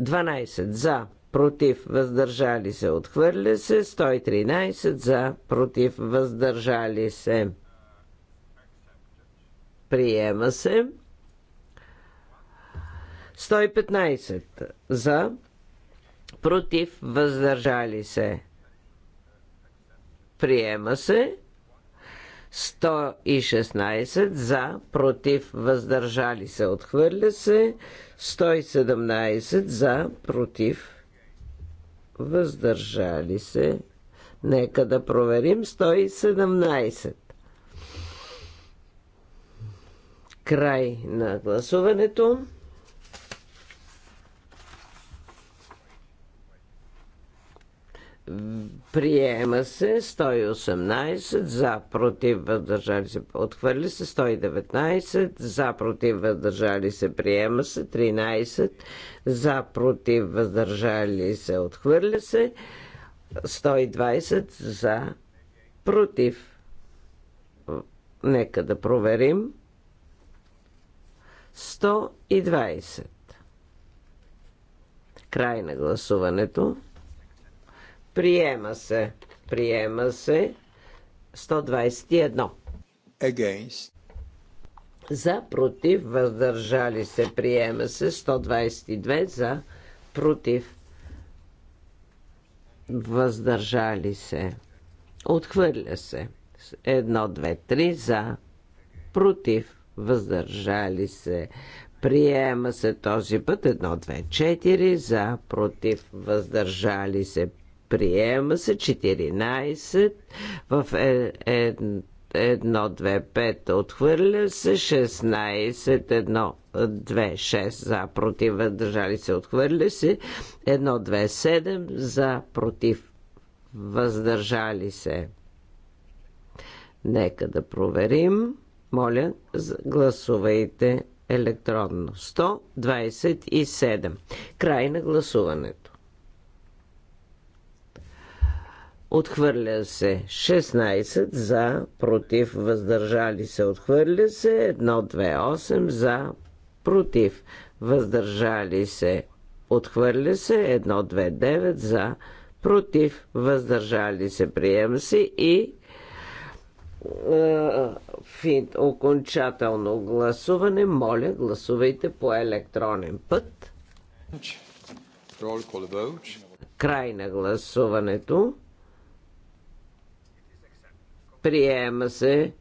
12 за, против, въздържали се, отхвърля се, 113 за, против, въздържали се, приема се, 115 за, против, въздържали се. Приема се. 116 за, против, въздържали се, отхвърля се. 117 за, против, въздържали се. Нека да проверим 117. Край на гласуването. Приема се 118 за против въздържали се. Отхвърли се 119 за против въздържали се. Приема се 13 за против въздържали се. Отхвърли се 120 за против. Нека да проверим. 120. Край на гласуването. Приема се. Приема се. 121. Against. За, против, въздържали се. Приема се. 122. За, против, въздържали се. Отхвърля се. Едно, 2, 3 За, против, въздържали се. Приема се този път 1, 2, 4 за, против, въздържали се. Приема се 14 в е, е, едно, две, пет отхвърля се, 16 Едно две, шест за против, въздържали се, отхвърля се, Едно две, седем за против, въздържали се. Нека да проверим. Моля, гласувайте електронно. 127. Край на гласуването. Отхвърля се 16 за, против, въздържали се. Отхвърля се 8 за, против, въздържали се. Отхвърля се 1-2-9 за, против, въздържали се. Приема се и е, окончателно гласуване. Моля, гласувайте по електронен път. Край на гласуването. Приема се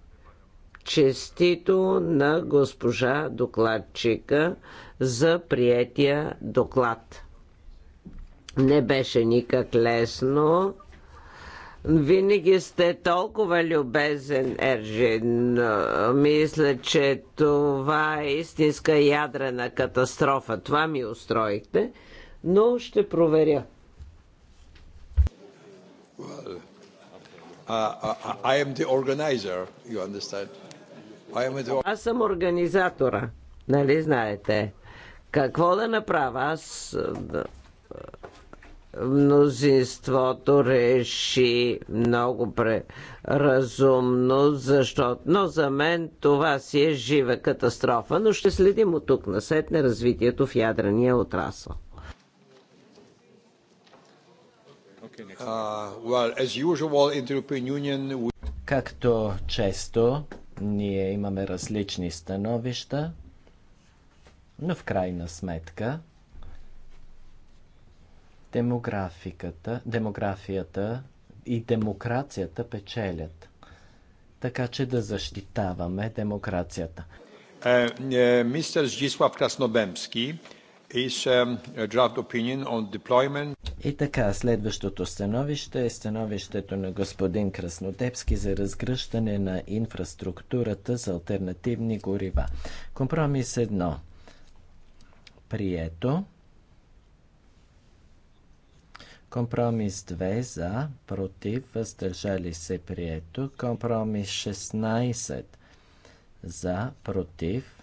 честито на госпожа докладчика за приятия доклад. Не беше никак лесно. Винаги сте толкова любезен, Ержин. Мисля, че това е истинска ядрена катастрофа. Това ми устроихте, но ще проверя. Well. I am the organizer, you understand? I am the... Аз съм организатора, нали знаете? Какво да направя? Аз мнозинството реши много пре, разумно, защото но за мен това си е жива катастрофа, но ще следим от тук на сетне развитието в ядрения отрасъл. Uh, Както често, ние имаме различни становища, но в крайна сметка демографиката, демографията и демокрацията печелят. Така че да защитаваме демокрацията. Е, е, мистер Здислав Краснобемски Um, И така, следващото становище е становището на господин Краснодепски за разгръщане на инфраструктурата за альтернативни горива. Компромис 1. Прието. Компромис 2 за, против, въздържали се прието. Компромис 16 за, против,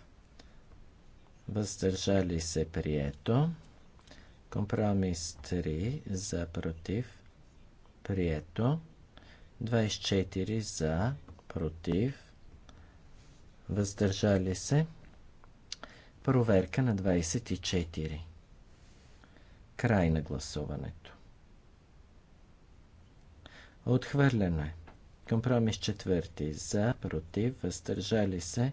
въздържали се прието. Компромис 3 за против прието. 24 за против въздържали се. Проверка на 24. Край на гласуването. Отхвърлено е. Компромис 4 За, против, въздържали се.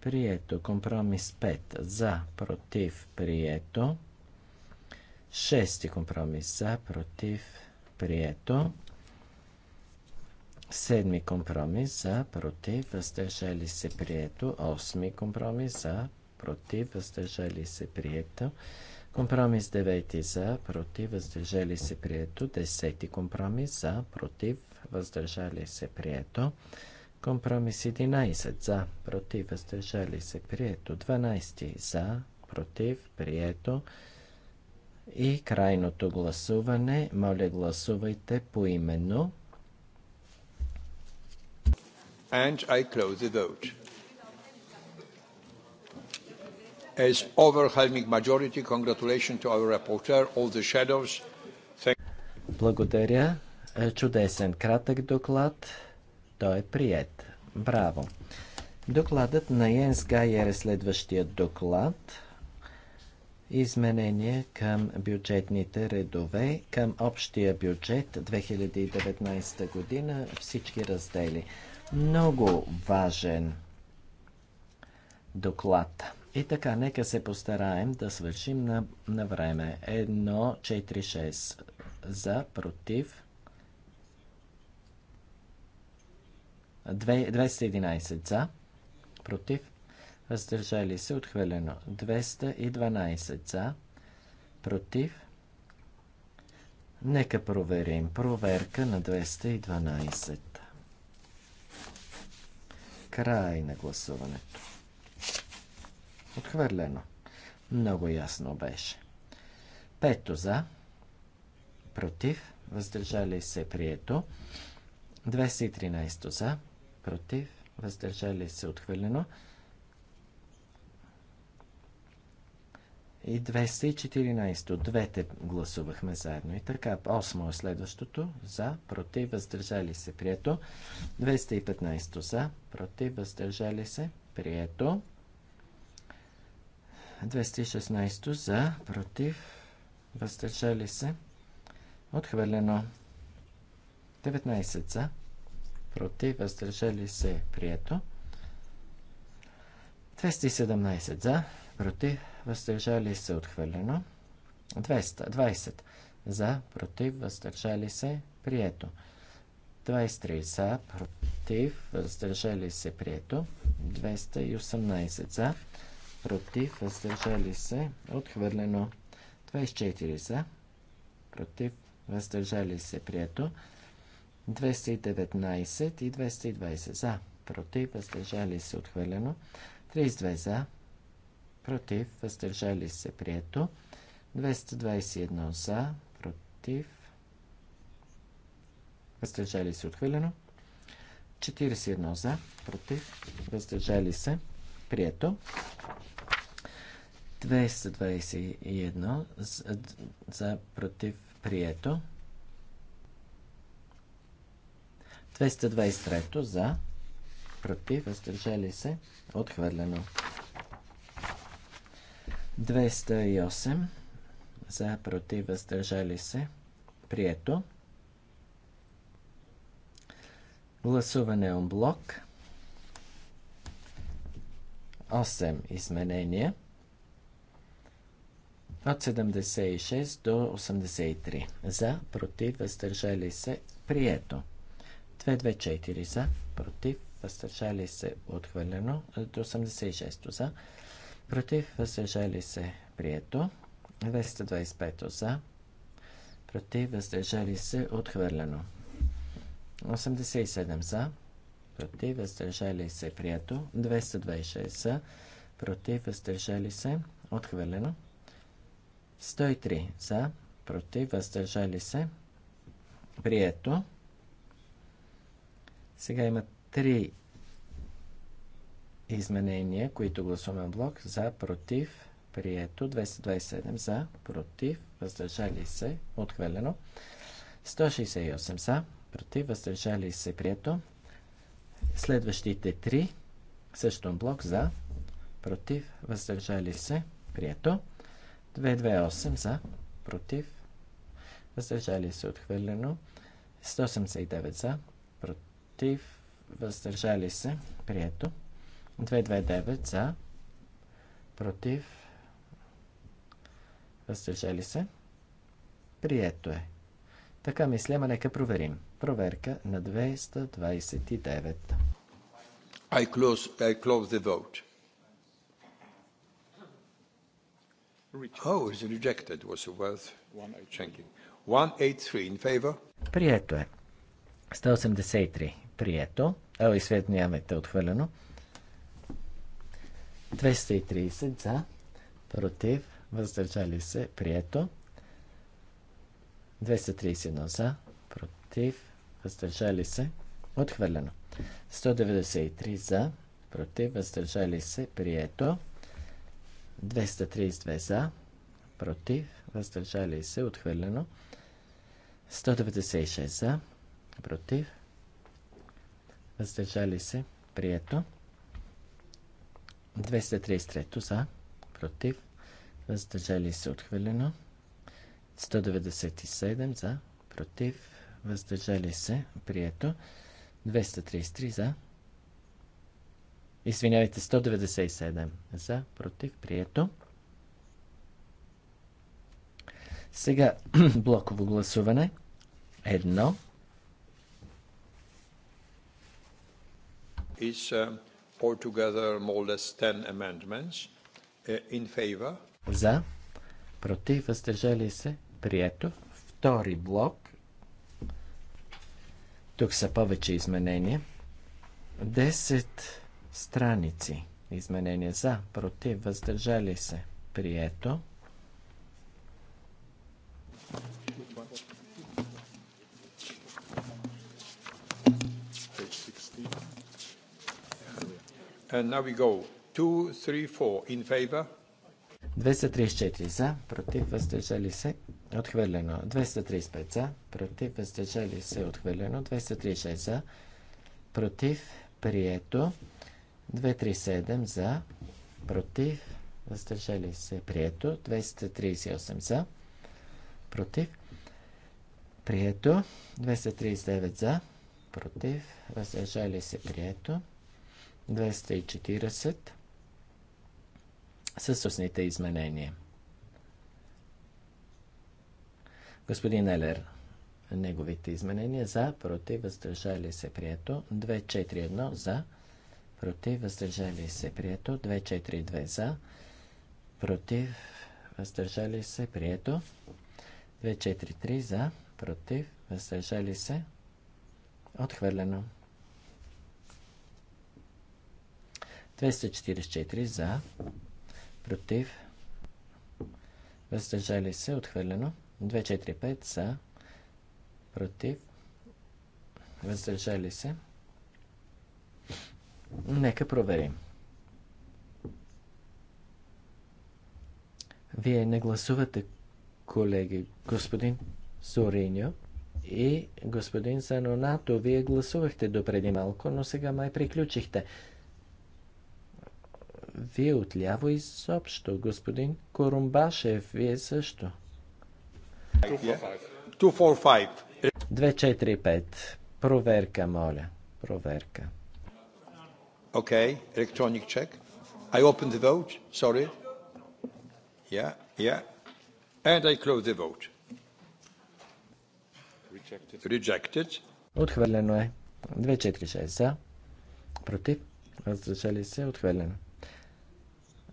Прието. Компромис 5. За. Против. Прието. Шести компромис. За. Против. Прието. Седми компромис. За. Против. Въздържали се. Прието. Осми компромис. За. Против. Въздържали се. Прието. Компромис 9 за, против, въздържали се прието. 10 компромис за, против, въздържали се прието. Компромис 11 за, против, въздържали се, прието. 12 за, против, прието. И крайното гласуване, моля гласувайте поименно. And I close the vote. As overwhelming majority, congratulations to our rapporteur, all the shadows. Thank... Благодаря. Е, чудесен кратък доклад. Той е прият. Браво! Докладът на Йенс Гайер е следващия доклад. Изменение към бюджетните редове, към общия бюджет 2019 година, всички раздели. Много важен доклад. И така, нека се постараем да свършим на, на време. 1, 4, 6 за, против, 211 за, против, въздържали се, отхвърлено. 212 за, против. Нека проверим. Проверка на 212. Край на гласуването. Отхвърлено. Много ясно беше. Пето за, против, въздържали се, прието. 213 за, против, въздържали се отхвърлено. И 214. Двете гласувахме заедно. И така, 8 е следващото. За, против, въздържали се, прието. 215. За, против, въздържали се, прието. 216. За, против, въздържали се, отхвърлено. 19. За, против, въздържали се, прието. 217 за, против, въздържали се, отхвърлено. 220 за, против, въздържали се, прието. 23 за, против, въздържали се, прието. 218 за, против, въздържали се, отхвърлено. 24 за, против, въздържали се, прието. 219 и 220 за, против, въздържали се, отхвърлено. 32 за, против, въздържали се, прието. 221 за, против, въздържали се, отхвърлено. 41 за, против, въздържали се, прието. 221 за, против, прието. 223 за, против, въздържали се, отхвърлено. 208 за, против, въздържали се, прието. Гласуване он блок. 8 изменения от 76 до 83. За, против, въздържали се, прието. 224 за, против, въздържали се, отхвърлено. 86 за, против, въздържали се, прието. 225 за, против, въздържали се, отхвърлено. 87 за, против, въздържали се, прието. 226 за, против, въздържали се, отхвърлено. 103 за, против, въздържали се, прието. Сега има три изменения, които гласуваме блок за, против, прието, 227 за, против, въздържали се, отхвърлено, 168 за, против, въздържали се, прието. Следващите три, също блок за, против, въздържали се, прието. 228 за, против, въздържали се, отхвърлено, 189 за, против, въздържали се, прието. 229 за, против, въздържали се, прието е. Така мисля, ма нека проверим. Проверка на 229. I close, I close the vote. Oh, rejected. Was worth checking. 183 in favor. Прието е. 183 прието. А, извинявайте, отхвърлено. 230 за, против, въздържали се, прието. 231 за, против, въздържали се, отхвърлено. 193 за, против, въздържали се, прието. 232 за, против, въздържали се, отхвърлено. 196 за, против, въздържали се, прието. 233 за, против, въздържали се, отхвърлено. 197 за, против, въздържали се, прието. 233 за, извинявайте, 197 за, против, прието. Сега блоково гласуване. Едно is altogether uh, more or less 10 amendments uh, in favor. За, против, въздържали се, прието. Втори блок. Тук са повече изменения. 10 страници. Изменения за, против, въздържали се, прието. And now we go. In favor. 234 за, против, въздържали се, отхвърлено. 235 за, против, въздържали се, отхвърлено. 236 за, против, прието. 237 за, против, въздържали се, прието. 238 за, против, прието. 239 за, против, въздържали се, прието. 240 с устните изменения. Господин Елер, неговите изменения за, против, въздържали се, прието. 241 за, против, въздържали се, прието. 242 за, против, въздържали се, прието. 243 за, против, въздържали се, отхвърлено. 244 за, против, въздържали се, отхвърлено. 245 за, против, въздържали се. Нека проверим. Вие не гласувате, колеги, господин Сориньо и господин Санонато. Вие гласувахте допреди малко, но сега май приключихте. Вие отляво изобщо, господин Корумбашев, вие също. 245. 245. Проверка, моля. Проверка. Okay, electronic check. I open the vote, sorry. Yeah, yeah. And I close the vote. Rejected. Rejected. Отхвърлено е. 246 за. Против. Въздържали се. Отхвърлено.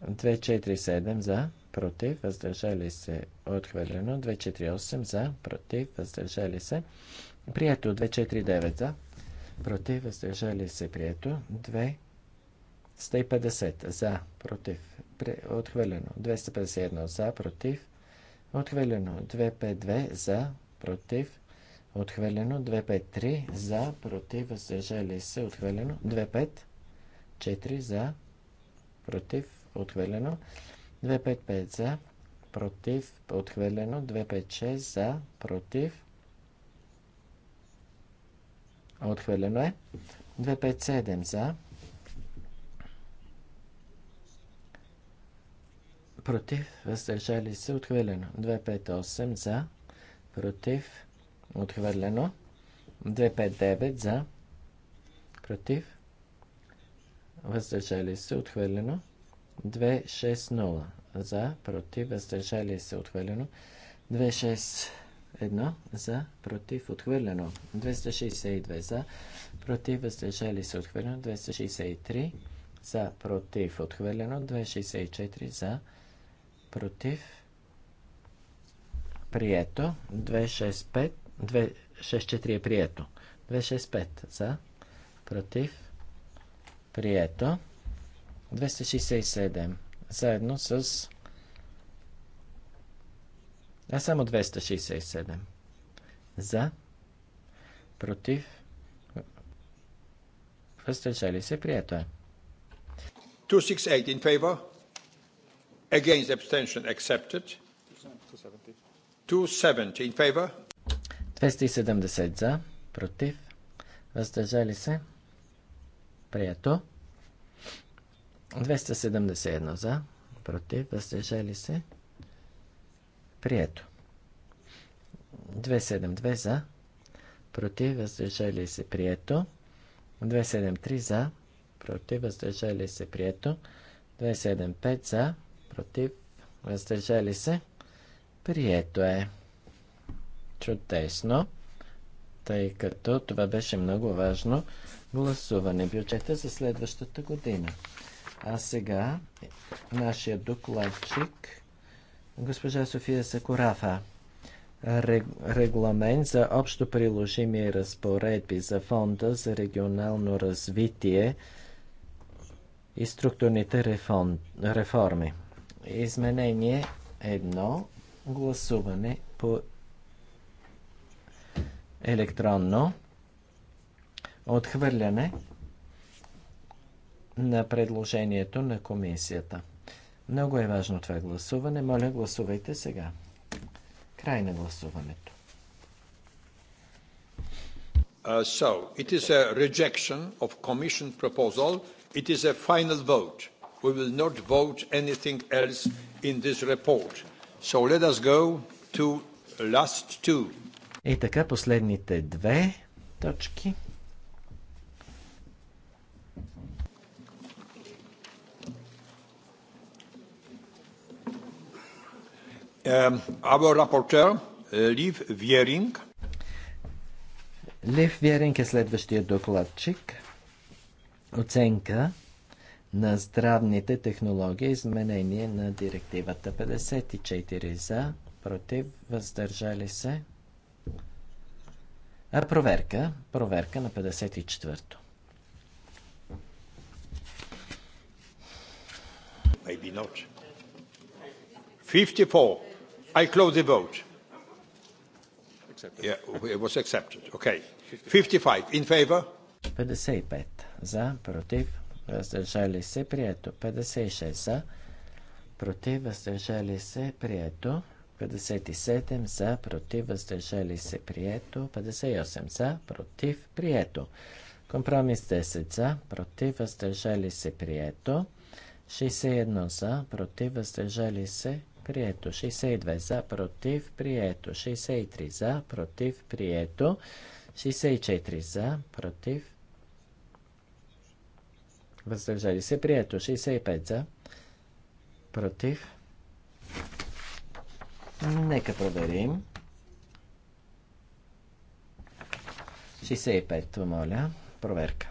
247 за, против, въздържали се, отхвърлено. 248 за, против, въздържали се, прието. 249 за, против, въздържали се, прието. 2 150 за, против, отхвърлено. 251 за, против, отхвърлено. 252 за, против, отхвърлено. 253 за, против, въздържали се, отхвърлено. 254 за, против, отхвърлено. 255 за, против, отхвърлено. 256 за, против, отхвърлено е. 257 за, против, въздържали се, отхвърлено. 258 за, против, отхвърлено. 259 за, против, въздържали се, отхвърлено. 260 за, против, въздържали се, отхвърлено. 261 за, против, отхвърлено. 262 за, против, въздържали се, отхвърлено. 263 за, против, отхвърлено. 264 за, против, прието. 265, 264 е прието. 265 за, против, прието. 267 заедно с... А само 267. За. Против. Въздържали се. Прието е. 268 in favor. Against abstention accepted. 270 in favor. 270 за. Против. Въздържали се. Прието. 271 за, против, въздържали се. Прието. 272 за, против, въздържали се. Прието. 273 за, против, въздържали се. Прието. 275 за, против, въздържали се. Прието е. Чудесно. Тъй като това беше много важно гласуване бюджета за следващата година. А сега нашия докладчик, госпожа София Сакурафа. Регламент за общо приложими разпоредби за Фонда за регионално развитие и структурните реформи. Изменение едно. Гласуване по електронно. Отхвърляне на предложението на комисията. Много е важно това гласуване. Моля, гласувайте сега. Край на гласуването. Uh, so, it is a rejection of commission proposal. It is a final vote. We will not vote anything else in this report. So let us go to last two. И така последните две точки. Ehm, our rapporteur, eh, Лив Вьеринг. е следващия докладчик. Оценка на здравните технологии, изменение на директивата 54 за, против, въздържали се. А проверка, проверка на 54-то. Maybe not. 54. I close the vote. Yeah, it was accepted. Okay. 55 in favor. 55 за, против, въздържали се, прието. 56 за, против, въздържали се, прието. 57 за, против, въздържали се, прието. 58 за, против, прието. Компромис 10 за, против, въздържали се, прието. 61 за, против, въздържали се, прието прието. 62 за, против, прието. 63 за, против, прието. 64 за, против, въздържали се, прието. 65 за, против. Нека проверим. 65, моля, проверка.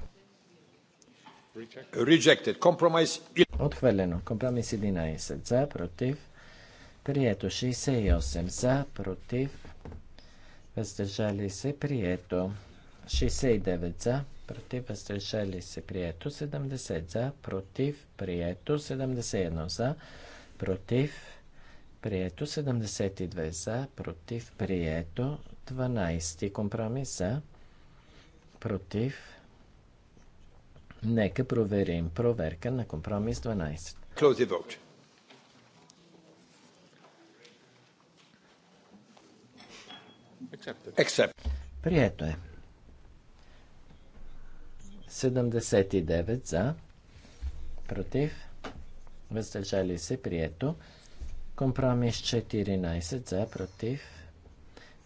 Rejected. Compromise... Отхвърлено. Компромис 11 за, против. Прието 68 за, против, въздържали се, прието 69 за, против, въздържали се, прието 70 за, против, прието 71 за, против, прието 72 за, против, прието 12 компромис за, против. Нека проверим проверка на компромис 12. Close the vote. Прието е. 79 за, против, въздържали се, прието. Компромис 14 за, против,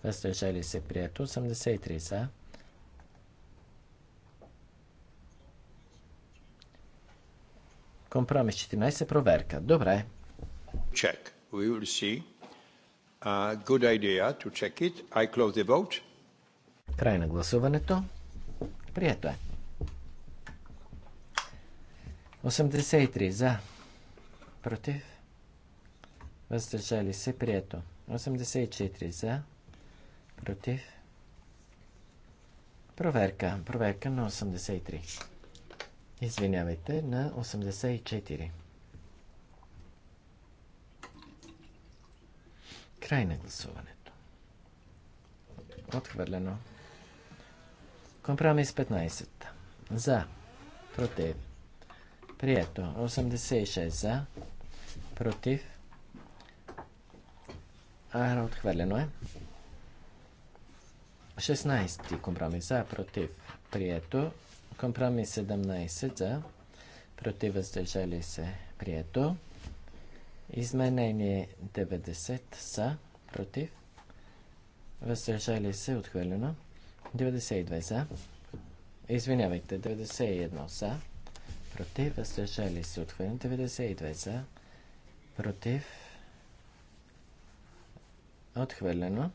въздържали се, прието. 83 за. Компромис 14, проверка. Добре. Чек. We will see good idea to check it. I close the vote. Край на гласуването. Прието е. 83 за. Против. Въздържали се. Прието. 84 за. Против. Проверка. Проверка на 83. Извинявайте, на 84. Край на гласуването. Отхвърлено. Компромис 15. За. Против. Прието. 86 за. Против. А, отхвърлено е. 16 компромис за. Против. Прието. Компромис 17 за. Против. Въздържали се. Прието. Изменение 90 са против. Въздържали се отхвърлено. 92 за. Извинявайте, 91 са. Против. Въздържали се отхвърлено. 92 за. Против. Отхвърлено.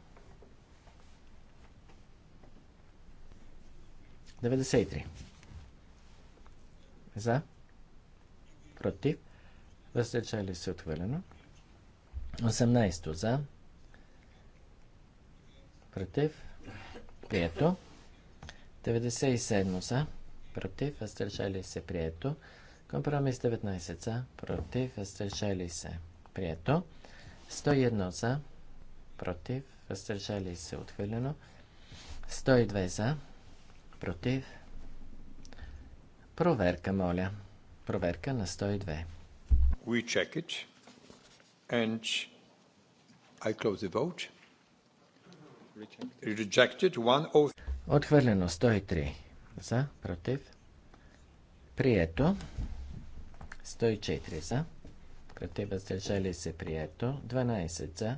93. За. Против въздържали се отхвърлено. 18 за, против, прието. 97 за, против, въздържали се, прието. Компромис 19 за, против, въздържали се, прието. 101 за, против, въздържали се, отхвърлено. 102 за, против. Проверка, моля. Проверка на 102. We check it, and I close the vote. Rejected. Oh отхвърлено 103. За, против. Прието. 104 за. Против, въздържали се. Прието. 12 за.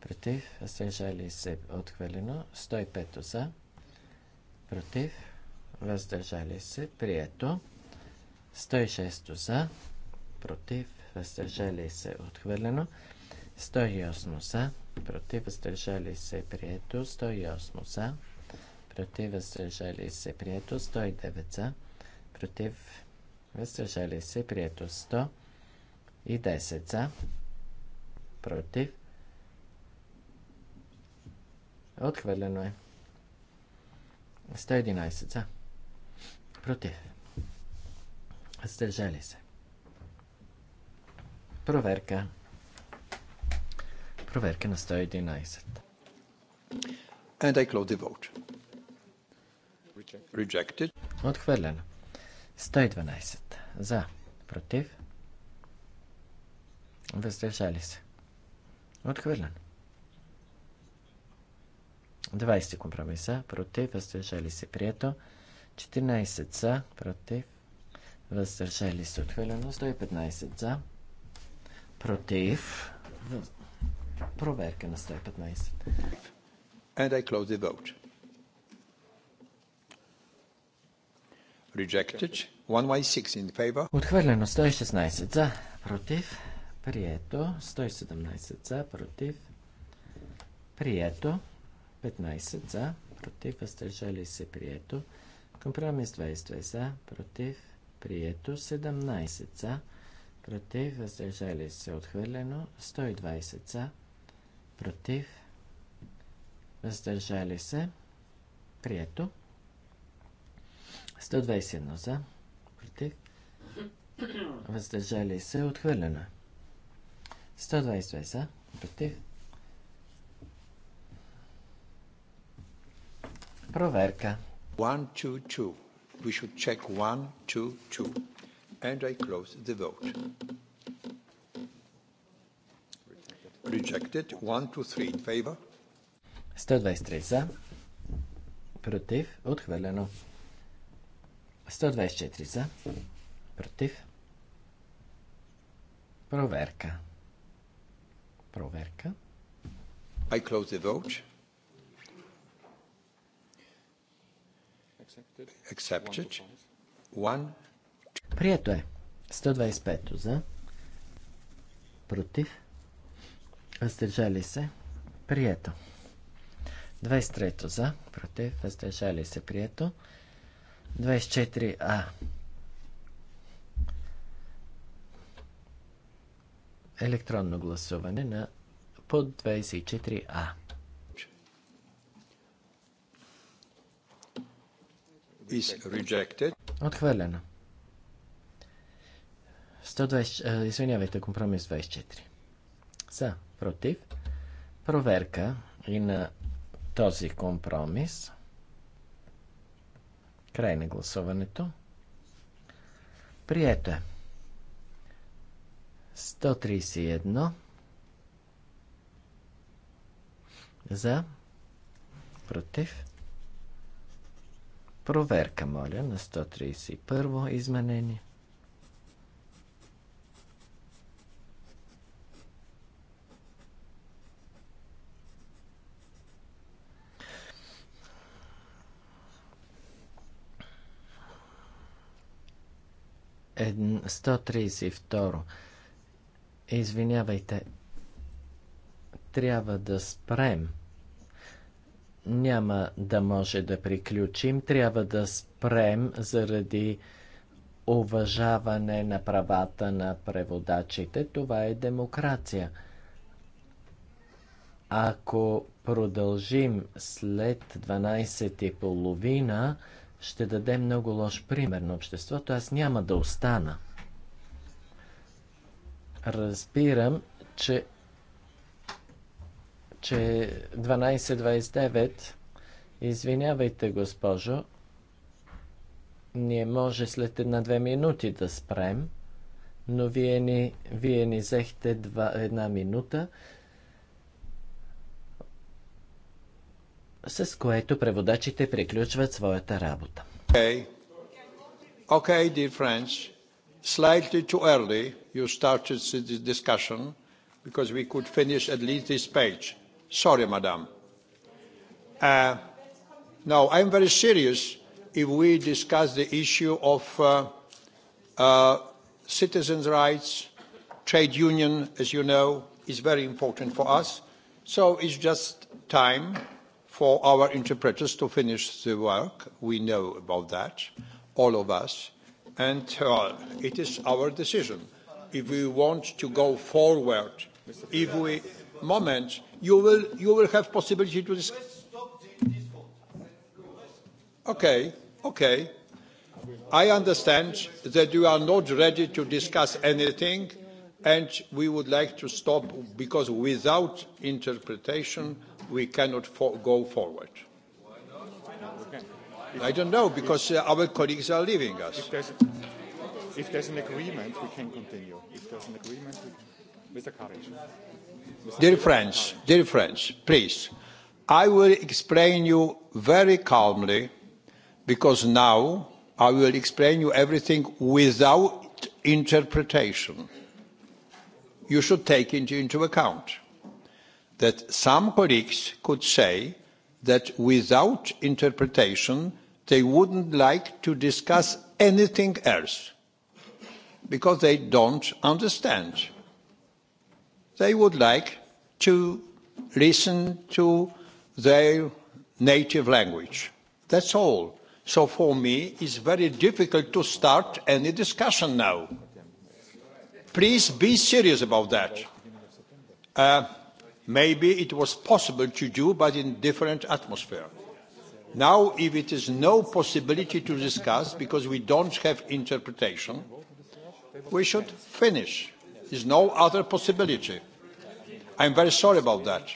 Против, въздържали се. Отхвърлено. 105 за. Против, въздържали се. Прието. 106 за против, въздържали се, отхвърлено. 108 за, против, въздържали се, прието. 108 за, против, въздържали се, прието. 109 за, против, въздържали се, прието. 110 за, против. Отхвърлено е. 111 за. Против. Въздържали се. Проверка. Проверка на 111. And I close the vote. Rejected. Отхвърлено. 112. За. Против. Въздържали се. Отхвърлено. 20 компромиса. Против. Въздържали се. Прието. 14 за. Против. Въздържали се. Отхвърлено. 115 за против. Проверка на 115. And I close the vote. Rejected. 116 in favor. Отхвърлено 116 за, против. Прието. 117 за, против. Прието. 15 за, против. Въздържали се прието. Компромис 22 за, против. Прието. 17 за, против против, въздържали се отхвърлено, 120 за, против, въздържали се, прието, 121 за, против, въздържали се, отхвърлено, 122 за, против, проверка. 1, 2, 2. We should check 1, 2, 2 and I close the vote. Rejected. 1, 2, 3 in favor. 123 за. Против. Отхвърлено. 124 за. Против. Проверка. Проверка. I close the vote. Accepted. Accepted. One Прието е. 125 за. Против. Въздържали се. Прието. 23 за. Против. Въздържали се. Прието. 24а. Електронно гласуване на под 24а. Отхвърлено. 120, извинявайте, компромис 24. За, против. Проверка и на този компромис. Край на гласуването. Прието е. 131 за против проверка моля на 131 изменение 132. Извинявайте, трябва да спрем. Няма да може да приключим, трябва да спрем заради уважаване на правата на преводачите. Това е демокрация. Ако продължим след 12.30, ще даде много лош пример на обществото. Аз няма да остана. Разбирам, че, че 12.29, извинявайте, госпожо, ние може след една-две минути да спрем, но вие ни, вие ни взехте два, една минута. с което преводачите приключват своята работа. Okay. Okay, dear friends, slightly too early you started this discussion because we could finish at least this page. Sorry, madam. Uh, no, I'm very serious if we discuss the issue of uh, uh, citizens' rights, trade union, as you know, is very important for us. So it's just time for our interpreters to finish the work. We know about that, all of us. And uh, it is our decision. If we want to go forward, if we... Moment, you will, you will have possibility to... Dis- okay, okay. I understand that you are not ready to discuss anything, and we would like to stop because without interpretation, we cannot for go forward. I don't know, because uh, our colleagues are leaving us. If there's, if there's an agreement, we can continue. If there's an agreement, we... Mr. Courage. Dear friends, dear friends, please, I will explain you very calmly, because now I will explain you everything without interpretation. You should take it into account that some colleagues could say that without interpretation they wouldn't like to discuss anything else because they don't understand. They would like to listen to their native language. That's all. So for me, it's very difficult to start any discussion now. Please be serious about that. Uh, Maybe it was possible to do, but in different atmosphere. Now, if it is no possibility to discuss because we don't have interpretation, we should finish. There is no other possibility. I am very sorry about that.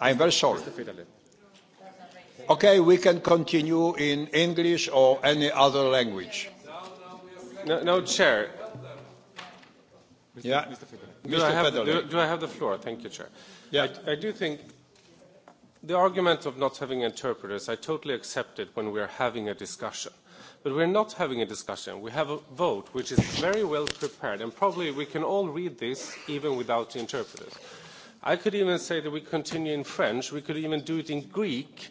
I am very sorry. Okay, we can continue in English or any other language. No, no, Chair, Mr. Yeah. Mr. Do, Mr. I have, Federley. Do, do I have the floor? Thank you, Chair. Yeah. I, I do think the argument of not having interpreters, I totally accept it when we are having a discussion. But we're not having a discussion. We have a vote which is very well prepared, and probably we can all read this even without the interpreters. I could even say that we continue in French. We could even do it in Greek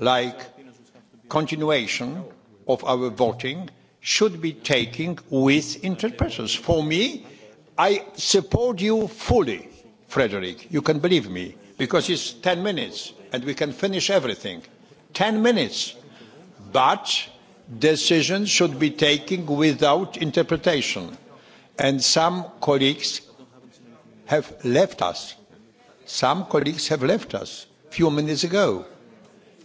like continuation of our voting should be taken with interpreters. For me, I support you fully, Frederick. You can believe me, because it's ten minutes and we can finish everything. Ten minutes. But decisions should be taken without interpretation. And some colleagues have left us. Some colleagues have left us a few minutes ago